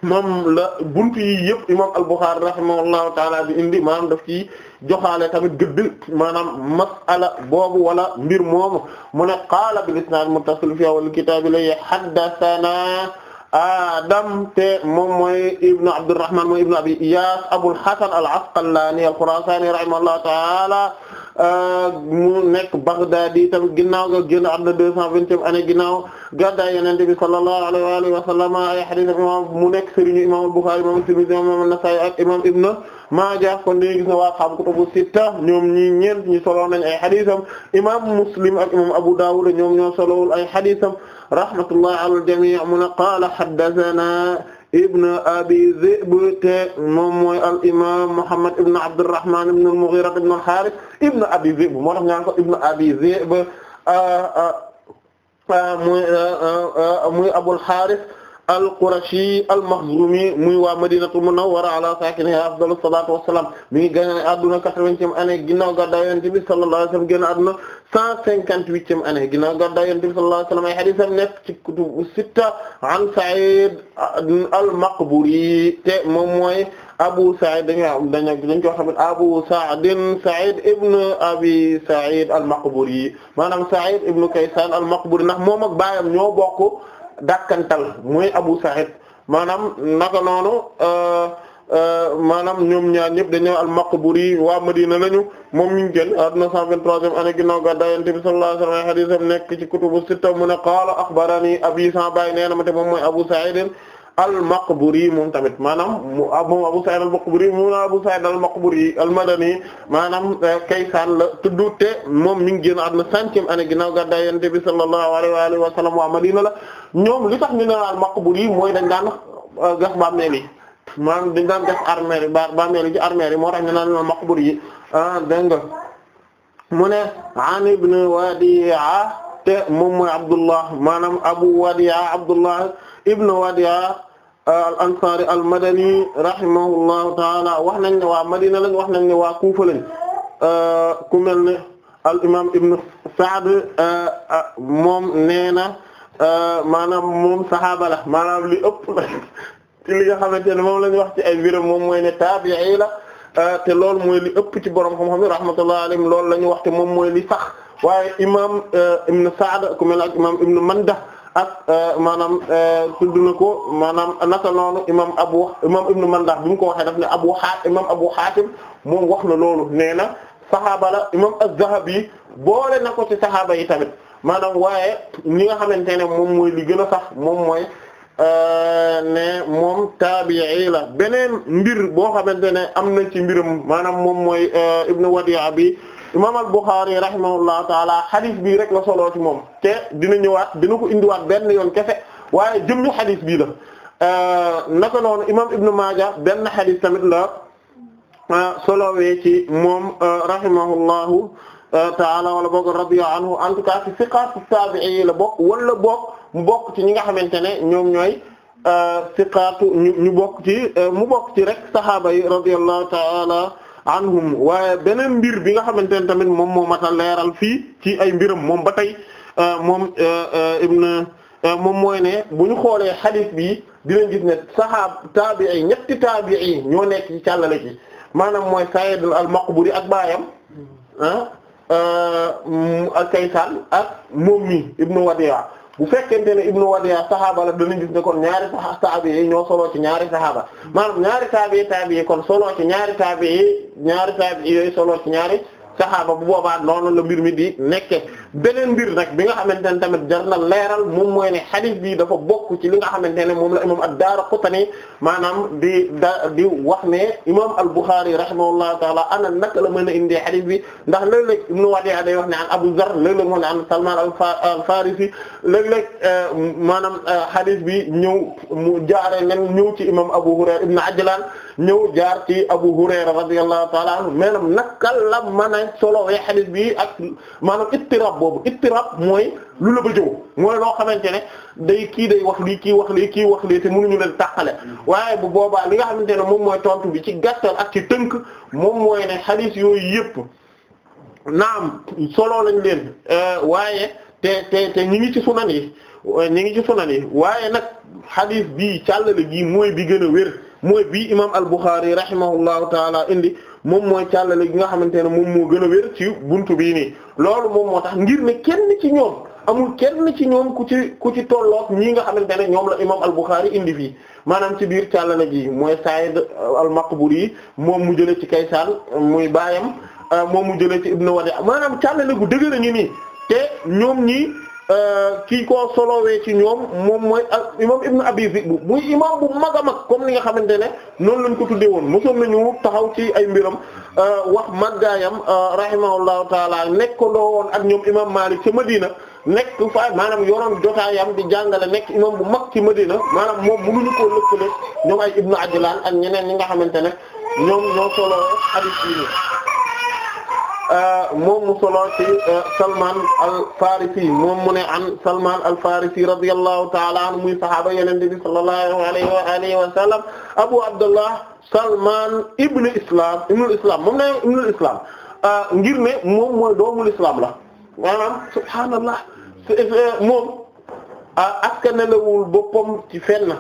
moom la buntu yi yëpp imam al-Bukhari rahimahullahu ta'ala bi indi maanaam daf ci joxaale tamit gëdd maanaam mas'ala boobu wala mbir moomu mu ne qaala bil isnaad muttasil fi awwal kitaab li haddathana Adam te moom mooy ibnu Abdurrahman mooy ibnu Abi Iyas Abul Hasan al-Asqalani al-Khurasani rahimahullahu ta'ala mu nekk Baghdadi tamit ginnaaw ga génn am na deux cent vingtième année ginnaaw gaddaay Yonent bi sallallahu alayhi wa alihi wa sallam ay hadith imam mu nekk sëriñu imam al-Bukhari imam Tirmidhi imam an-Nasa'i ak imam Ibn Maaja kon léegi gis na waa xam kutubu sitta ñoom ñi ñeent ñi solo nañ ay xadisam imam Muslim ak imam Abu Dawud ñoom ñoo solowul ay xadisam rahmatullah ala al-jami' mu ne qaala haddathana ibn abi Zi'b te moom mooy al imam Muhammad ibn Abdurrahman ibn al-Mughira ibn al-Harith ibn abi Zi'b moo tax ñaan ko ibn abi Zi'b ah, ah, ah, muy Abul Harith al-Qurashi al-Makhzumi muy waa Madinatul Munawwara ala saakinihaa afdalu salaatu wa salaam mi ngi génn adduna quatre-vingtième année ginnaaw gàddaay Yonent bi sallallahu alayhi wa sallam génn adduna cent cinquante-huitième année ginnaaw gàddaay Yonent bi sallallahu alayhi wa sallam ay hadiisam nekk ci kutubu sitta an Sa'id al-Maqburi te moom mooy Abu Sa'id dañu dañu ko xam Abu Sa'd Sa'id ibn Abi Sa'id al-Maqburi maanaam Sa'id ibn Kaysan al-Maqburi ndax moom baayam ñoo bokk. dàkkantal mooy Abu Sa'id maanaam naka noonu euh, euh, maanaam ñoom ñaar ñëpp dañoo al-Maqburi waa Madina lañu moom mi ngi génn àdduna 123e année ginnaaw gàddaay Yonent bi sallallahu alayhi wa sallam hadiisam nekk ci kutubu sitta mu ne qaala axbarani abi sa baay nee ma te moom mooy Abu Sa'id al-Maqburi moom tamit maanaam mu ah, moom Abu Sa'id al-Maqburi moom Abu Sa'id al-Maqburi eh, Kaysan la tudd te moom mi ngi génn àdduna centième ane ginnaaw gàddaay Yonent bi sallallahu alayhi wa sallam waa Madina la ñoom li tax ñu ne mooy dañ daan eh, gas bàmmeel yi maanaam dañ daan gas armeel yi bàmmeel yi ci armeel moo tax ñu naan al-Maqburi yi ah dégg ne an ibn Wadi'a te moom mooy Abdullah maanaam Abu Wadi'a Abdullah ibn Wadi'a al ansari al madani rahimahullahu taala wax nañ ne waa Madina lañ wax nañ ne waa Kufa lañ euh, ku mel ne al imam Ibn Sa'd euh, moom nee na euh, maanaam moom saxaaba la maanaam li ëpp la *laughs* ci li nga xamante ne moom la ñu wax ci ay mbiram moom mooy ne taabi'i la te loolu mooy li ëpp ci borom xam-xam yi rahmatullahi alayhim loolu la wax te moom mooy li sax waaye imam Ibn Sa'd ku mel ak imam Ibn Manda ak euh, maanaam euh, tudd na ko maanaam naka noonu imam abu imam ibnu mandah bi mu ko waxee daf ne abu xaatim imam abu xaatim moom wax na loolu nee na saxaaba la imam az-zahabi boole na ko ci saxaaba yi tamit maanaam waaye ñi nga xamante ne moom mooy li gën a sax moom mooy euh, ne moom taabi'i la beneen mbir bo xamante ne am na ci mbir maanaam moom mooy ibnu wadi'a bi imam al-Bukhari rahimahullahu taala hadith bii rek la solo ci moom te dina ñëwaat dina ko indiwaat benn yoon kese waaye jëmmi hadith bii la euh, naka noonu imam Ibn Maaja benn hadith tamit la euh, solowee ci moom euh, rahimahullahu taala wala boog radiya anhu en tout cas ci siqaatu taabi'i la bokk wala bokk mu bokk ci ñi nga xamante ne ñoom ñooy siqaatu ñu ñu bokk ci mu bokk ci rek saxaaba yi taala anhum waaye beneen mbir bi nga xamante ne tamit moom moo mat a leeral fii ci ay mbiram moom ba tey euh, moom euh, euh, ibn moom mooy ne bu ñu xoolee hadith bi dina gis ne sahaab taabi'i ñetti taabi'i ñoo nekk ci càllale ci mooy Sayyid al-Maqburi ak baayam ah ak Kaysaan ak moom mi ibn Wadi'a bu fekkente ne ibnu Wadi'a saxaaba la danañ gis ne kon ñaari saxaaba yi ñoo solo ci ñaari saxaaba maanaam ñaari taabi taabi kon solo ci ñaari taabi ñaari taabi yooyu solo ci ñaari saxaaba bu boobaa noonu la mbir mi di nekke beneen mbir nag bi nga xamante ne tamit jar leeral moom mooy ne hadith bi dafa bokk ci li nga xamante ne moom la imam ad-Daaraqutni maanaam di da di wax ne imam al-Bukhari rahimahullahu taala ana naka la mën a indee hadith bi ndax léeg-léeg Ibn day wax ne an Abu Zarr léeg-léeg moo ne an Salman al-Farisi léeg-léeg euh, maanaam hadith euh, bi ñëw mu jaare leen ñëw ci imam Abu Hurayra ibn Ajlan ñëw jaar ci Abu Hurayra radiyallahu ta'ala anhu maanaam naka la mën a solowee hadith bi ak maanaam ittirab boobu ittirab mooy lu la ba jëw mooy loo xamante ne day kii day wax lii kii wax lii kii wax lii te ñu leen tàqale waaye bu boobaa li nga xamante ne moom mooy tontu bi ci gàttal ak ci tënk moom mooy ne hadith yooyu yëpp naam solo lañ leen euh, waaye te te te ñu ngi ci sunan yi ñu ngi ci sunan yi waaye nag hadith bi càllale gii mooy bi gën a wér mooy bii imam al-Bukhari rahimahullahu taala indi moom mooy càllale gi nga xamante ne moom moo gën a wér ci buntu bii nii loolu moom moo tax ngir ne kenn ci ñoom amul kenn ci ñoom ku ci ku ci tolloog ñii nga xamante ne ñoom la imam al-Bukhari indi fii maanaam ci biir càllale gi mooy Sa'id al-Maqburi moom mu jëlee ci Kaysaan muy baayam moom mu jëlee ci Ibn Wadi' maanaam càllale gu dëgër a ngi nii te ñoom ñii Euh, kii ko solowee ci ñoom moom mooy imam ibnu abi Zi'b muy imam bu mag a mag comme ni nga xamante ne noonu lañ ko tuddee woon mosoon nañu taxaw ci ay mbiram euh, wax màggaayam euh, rahimahullahu taala nekkandoo woon ak ñoom imam Maalik ca Madina nekk fa maanaam yoroon jotaayam di jàngale nekk imam bu mag ci Madina maanaam moom mënuñu koo lëkkale ñoom ay ibnu Ajlaan ak ñeneen ñi nga xamante ne ñoom ñoo solo hadith yi Euh, moom mu solo ci euh, Salman al-Farisi moom mu ne an Salman al-Farisi radiyallahu ta'ala anhu muy sahaaba Yonent bi sallallahu alayhi wa alihi wa sallam Abu Abdullah Salman ibn Islam ibn Islam moom ne ibn Islam euh, ngir ne moom mooy doomul Islam la maanaam subhaanallah moom askanalewul boppam ci fenn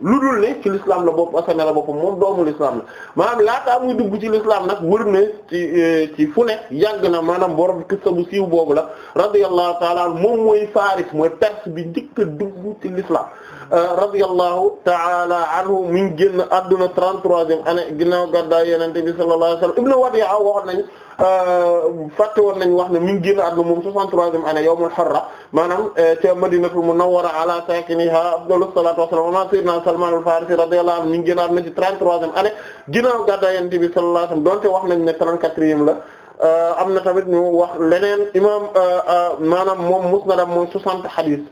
lu dul ne ci l'islam la bopp asane la boppam moom doomu l'islam la maanaam laataa muy dugg ci l'islam nag wër na ci e, ci fu ne yàgg na maanaam borom kissa bu siiw boobu la radiyallahu ta'ala anhu moom mooy Faris mooy Perse bi njëkk a dugg ci l'islam e, radiyallahu ta'ala anhu mi ngi génn adduna 33e année ginnaaw gàddaay Yonent bi sallallahu alayhi wasallam Ibn Wadi'a waxoon Euh, fàtte woon nañ wax ne mi ngi génn àdduna moom 63e année yawmul Harra maanaam euh, ca Madinatul Munawwara ala sakiniha afdalu salatu wassalam ma sayyidina Salman al-Farisi radiyallahu anhu mi ngi génn àdduna ci 33e année ginnaaw gàddaay Yonent bi sallallahu alayhi wasallam donte wax nañ ne 34e la euh, am na tamit ñu wax leneen imam maanaam moom musnadam mooy 60 hadith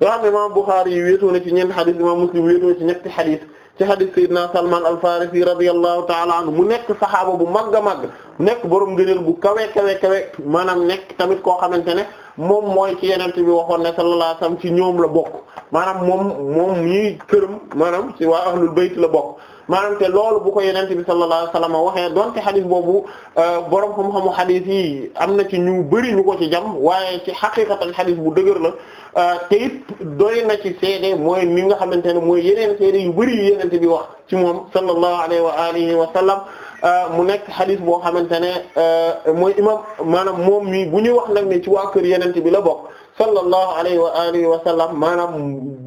yoo xam ne imam Bukhari yi wéetoo na ci ñeent hadith imam Muslim wéetoo ci ñetti hadith ci hadith sayyidina Salman al-Farisi radiyallahu ta'ala anhu mu nekk saxaaba bu màgg a màgg nekk borom ngëneel bu kawe kawe kawe maanaam nekk tamit koo xamante ne moom mooy ci yeneen bi waxoon ne sallallahu alayhi wasallam ci ñoom la bokk maanaam moom moom ñii këram maanaam ci waa ahlul bayt la bokk maanaam te loolu bu ko yenente bi sallallahu alayhi wasallam waxee donte xadis boobu euh, borom xam-xamu xadis yi am na ci ñu bari ñu ko ci jam waaye ci xaqiqatan xadis bu dëgër la euh, te it doy na ci seede mooy ni nga xamante ne mooy yeneen seede yu bari yu yenente wax ci moom sallallahu alayhi wa alihi wa sallam euh, mu nekk xadis boo xamante ne mooy imam maanaam moom mi bu ñuy wax nag ne ci waa kër yenente bi la bokk sallallahu alayhi wa alihi wa sallam maanaam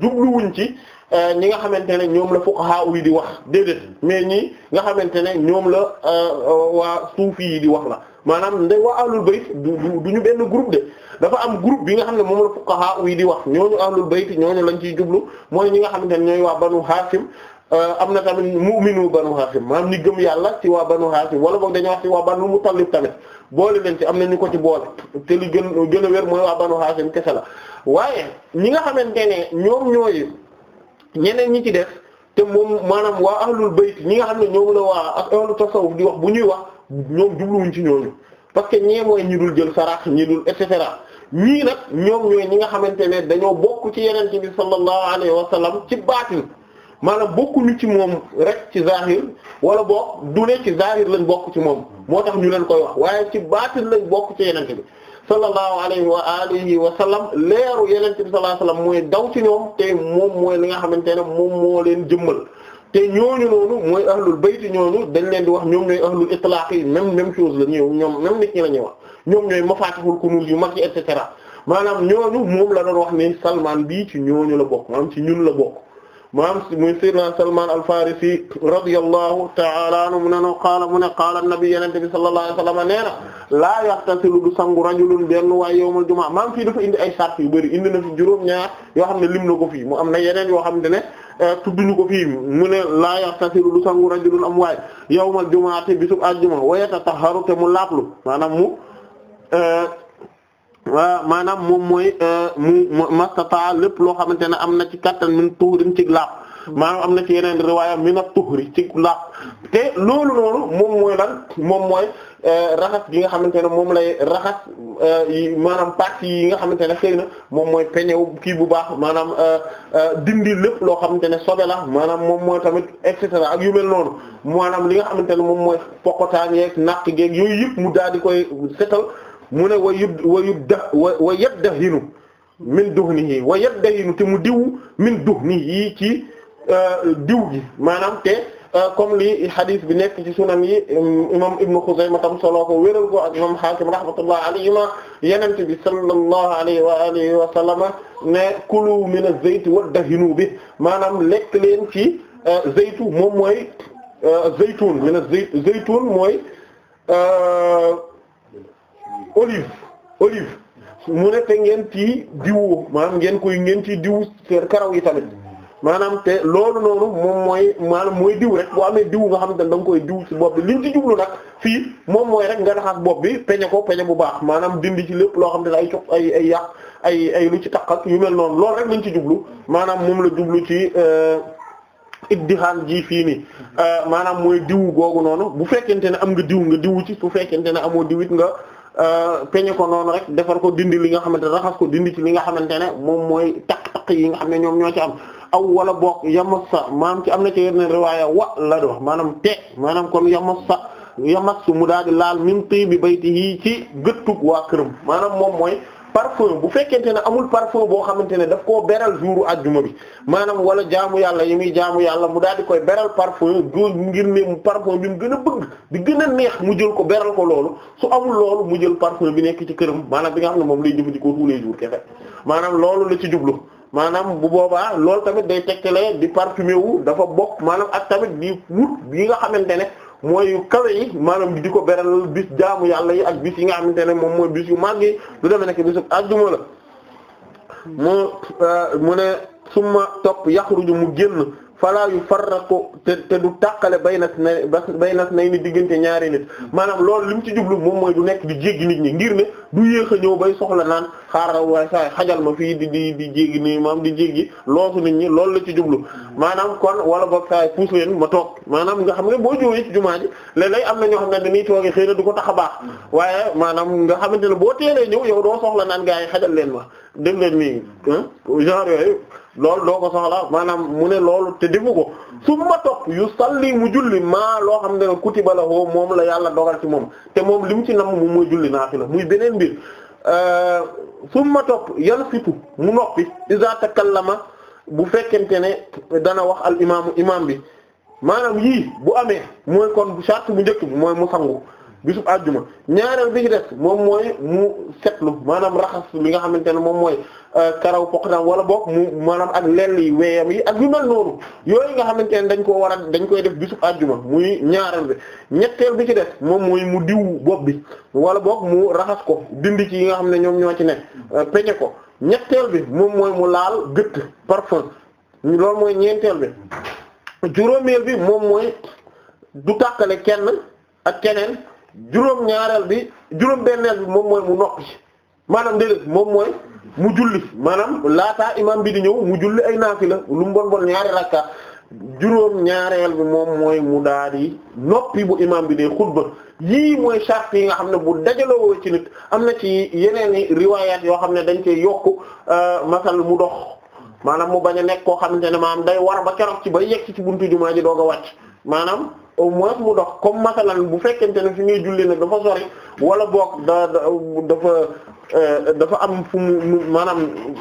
jubluwuñ ci Euh, ñi nga xamante ne ñoom la fuqaha yi di wax déedéet mais ñi nga xamante ne ñoom la euh, waa suufi yi di wax la maanaam nday waa ahlul bayt ñu benn groupe dafa am groupe bi nga xam ne moom la fuqaha di wax ñooñu ahlul bayt ñooñu lañ ciy jublu mooy ñi nga xamante ne ñooy waa banu haasim euh, am na tamit mu'minu banu haasim maanaam ñi gëm yàlla ci waa banu haasim wala boog dañuy wax ci waa banu mutallib tamit boole leen am na ñu ko ci boole te li gën gën a wér mooy waa banu haasim kese la waaye ñi nga xamante ne ñoom ñooy ñeneen ñi ci def te moom maanaam waa ahlul bayt ñi nga xam ne ñoom la waa ak ahlu tasawuf di wax bu ñuy wax ñoom jubluwuñ ci ñooñu parce que ñee mooy ñi dul jël sarax ñi dul et cetera ñii nag ñoom ñooy ñi nga xamante ne dañoo bokk ci yenente bi sallallahu alayhi wa sallam ci baatin maanaam bokkuñu ci moom rek ci zahir wala boog du ne ci zahir lañ bokk ci moom moo tax ñu leen koy wax waaye ci baatin lañ bokk ci yenente bi sallallahu alayhi wa alihi wa sallam leeru yeneen bi sallallahu sallam mooy daw ci ñoom te moom mooy li nga xamante ne moom moo leen jëmmal te ñooñu noonu mooy ahlul bayt ñooñu dañ leen di wax ñoom ñooy ahlul itlaq yi même même chose la ñuy ñoom même nit ñi la ñuy wax ñoom ñooy mafatihul kunuz yu mag yi et cetera maanaam ñooñu moom la doon wax ni Salman bii ci ñooñu la bokk maanaam ci ñun la bokk maam muy sayyidina Salman al-Farisi radiyallahu ta'ala anhu mu ne no qaala mu ne qaala an-nabi yenente bi sallallahu alayhi wasallam nee na laa yaxtasilu du sangu rajulun benn waay yawmul jumaa maam fii dafa indi ay sart yu bëri indi na fi juróom ñaar yoo xam ne lim na ko fii mu am na yeneen yoo xam ne eh, tudduñu ko fii mu ne laa yaxtasilu du sangu rajulun am waay yawmal jumaa te bisub àjjuma wa yatatahharu te mu laablu maanaam mu eh, maanaam moom mooy euh, mu mastata lépp loo xamante ne am na ci kattan min tuhrin ci laab maanaam am na ci yeneen riwaaya min at-tuhri ci laab te loolu noonu moom mooy lan moom mooy euh, raxas gi nga xamante ne moom lay raxas euh, maanaam parties yi nga xamante ne xëy moom mooy peñew kii bu baax maanaam dindi lépp loo xamante ne sobe la maanaam moom mooy tamit et cetera ak yu noonu maanaam li nga xamante ne moom mooy poqotaan yeeg naq geeg yooyu yëpp mu daal di koy setal mu ne wa yub wa yub da wa yaddahinu min duhnihi wa yaddahinu te mu diw min duhnihi ci euh, diw gi maanaam te euh, comme li hadith bi nekk ci sunan yi um, imam ibnu Xuzayma tam solo ko wéral ko ak imam Hakim rahmatullah alayhima yenent bi sallallahu alayhi wa alihi wa sallama ne kulu min az-zayt waddahinu bi maanaam lekk leen ci euh, zaytu moom mooy zaytun min az-zayt zaytun mooy olive olive mu ne te ngeen ci diwu maanaam ngeen ngeen ci diwu seen karaw yi tamit maanaam te loolu noonu moom mooy maanaam mooy diw rek boo amee diw nga xam te da nga koy diw ci bopp bi liñ ci jublu nag fii moom mooy rek nga raxas bopp bi peñe ko peñe bu baax maanaam dindi ci lépp loo xam ne ay co ay ay yàq ay ay lu ci taq yu mel noonu loolu rek lañ ci jublu maanaam moom la jublu ci euh, iddihaan ji fii nii euh, maanaam mooy diw googu noonu bu fekkente ne am nga diw nga diw ci su fekkente ne amoo diwit nga Euh, peñe ko noonu rek defar ko dindi li nga xamante ne raxas ko dindi ci li nga xamante ne moom mooy takk-takk yi nga xam ne ñoom ñoo ci am aw wala boog yamassa maam ci am na ci yenn riwaaya wa la do maanaam te maanaam kon yamassa yamassu mu daal di laal bay tibi baytihi ci gëttug waa këram maanaam moom mooy parfum bu fekkente ne amul parfum boo xamante ne daf koo beral jouru ajjuma bi maanaam wala jaamu yàlla yi muy jaamu yàlla mu daal di koy beral parfum du ngir ne parfum bi mu gën a bëgg di gën a neex mu jël ko beral ko loolu su amul loolu mu jël parfum bi nekk ci këram maanaam bi nga xam ne moom lay jëfandikoo tous les jours kefe maanaam loolu la ci jublu maanaam bu boobaa loolu tamit day tegtale di parfumé wu dafa bokk maanaam ak tamit di wut bi nga xamante ne mooy yu kawe yi maanaam di ko beral bis jaamu yàlla yi ak bis yi nga xamante ne moom mooy bis yu màgg yi lu demee nekk bisu àjjuma la mu euh, mu ne suma topp yaxruju mu génn fala yu farraqu te te du tàqale baynas na baynas nay ni diggante ñaari nit maanaam lool li mu ci jublu moom mooy du nekk di jéggi nit ñi ngir ne du yéex a ñëw bay soxla naan xaaral waaye saay xajal ma fii di di di jéggi nii maam di jéggi loosu nit ñi loolu la ci jublu maanaam kon wala boog saay puus leen ma toog maanaam nga xam ne boo jógee ci jumaa ji léeg-léeg am na ñoo xam ne dañuy xëy na du ko tax a baax waaye maanaam nga xamante ne boo teelee ñëw yow doo soxla naan gaa xajal leen ma def leen mii genre yooyu loolu doo ko soxla maanaam mu ne loolu te defu ko su ma topp yu salli mu julli maa loo xam ne kutiba lahu moom la yàlla dogal ci moom te moom li mu ci nam moom mooy julli naafila muy beneen mbir euh, su ma topp yan fitu mu noppi iza takallama bu fekkente ne dana wax al imaamu imaam bi maanaam yii bu amee mooy kon charte bu njëkk bi mooy mu sangu bisub àjjuma ñaareel bi ci des moom mooy mu setlu maanaam raxas li nga xamante ne moom mooy euh, karaw poqatam wala boog mu maanaam ak lell yi weyam yi ak yu mel noonu yooyu nga xamante ne dañ koo war a dañ koy def bisub àjjuma muy ñaareel bi ñetteel bi ci des moom mooy mu diw bopp bi wala boog mu raxas ko dindi ci yi nga xam ne ñoom ñoo ci ne euh, peñe ko ñetteel bi moom mooy mu laal gëtt parfum loolu mooy ñeenteel bi juróomeel bi moom mooy du tàqale kenn ak keneen juróom ñaareel bi juróom benneel bi moom mooy mu noppi maanaam déedéet moom mooy mu julli maanaam laataa imam bi di ñëw mu julli ay naafila lu mu bon bon ñaari rakka juróom ñaareel bi moom mooy mu daal di noppi bu imam bi dee xutba yii mooy charte yi nga xam ne bu dajaloo ci nit am na ci yeneen i riwaayaat yoo xam ne dañ cee yokk euh, masal mu dox maanaam mu bañ a nekk koo xamante ne maanaam day war ba keroog ci ba yegg ci buntu jumaa ji doog a wàcc maanaam au moins dox comme masalan bu fekkente ne fu ngay julli nag dafa sori wala boog da dafa euh, dafa am fu mu maanaam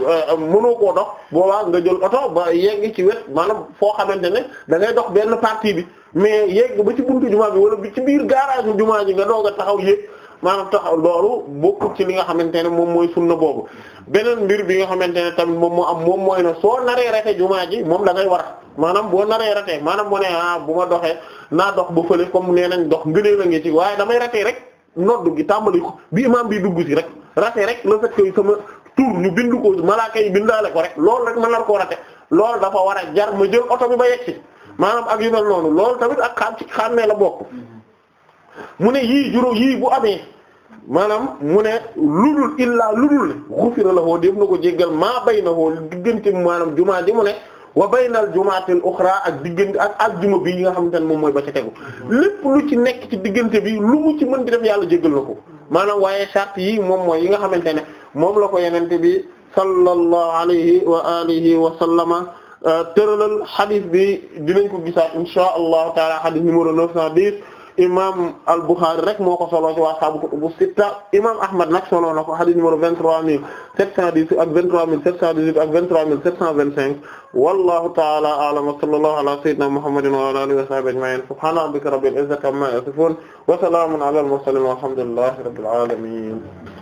euh, mënoo koo dox boobaa nga jël oto ba yegg ci wet maanaam foo xamante ne da ngay dox benn partie bi mais yegg ba ci buntu jumaa bi wala bu ci biir garage jumaa ji nga doog a taxaw yéeg maanaam tax loolu bokkut ci li nga xamante ne moom mooy sunna boobu beneen mbir bi nga xamante ne tamit moom moo am moom mooy ne soo naree rate jumaa ji moom da ngay war maanaam boo naree rate maanaam mu ne ah bu ma doxee naa dox ba fële comme nee nañ dox ngënee la ngi ci waaye damay ratee rek noddu gi tàmbali ko bi imaam bi dugg ci rek rate rek le fait que sama tur ñu bindu ko malaaka yi bindaale ko rek loolu rek ma nar koo rate lool dafa war a jar ma jël oto bi ba yegg ci maanaam ak yu mel noonu loolu tamit ak xam ci xàmmee la bokk mu ne yii juróom yii bu amee maanaam mu ne ludul illaa ludul ghufira lahu def na ko jéggal maa baynahu diggante maanaam jumaa ji mu ne wa baynal jumaatil uxra ak diggante ak aljuma bi yi nga xamante ne moom mooy ba ca tegu lépp lu ci nekk ci diggante bi lu mu ci mën di def yàlla jéggal na ko maanaam waaye charte yi moom mooy yi nga xamante ne moom la ko yenente bi sallallahu alayhi wa alihi wa sallama euh, tëralal hadith bi dinañ ko gisaat insha allahu taala hadith numéro imam al-Bukhari rek moo ko solo ci waa ashaabu kutubu sitta imam Ahmad nag solo na ko hadith numéro 23710 ak 23718 ak 23725 wallahu ta'ala a'lam wa sallallahu ala sayyidina Muhammadin wa ala alihi wa sahbihi ajma'in subhana rabbika rabbil izzati amma yasifun wa salamun ala al-mursalin walhamdulillahi rabbil alamin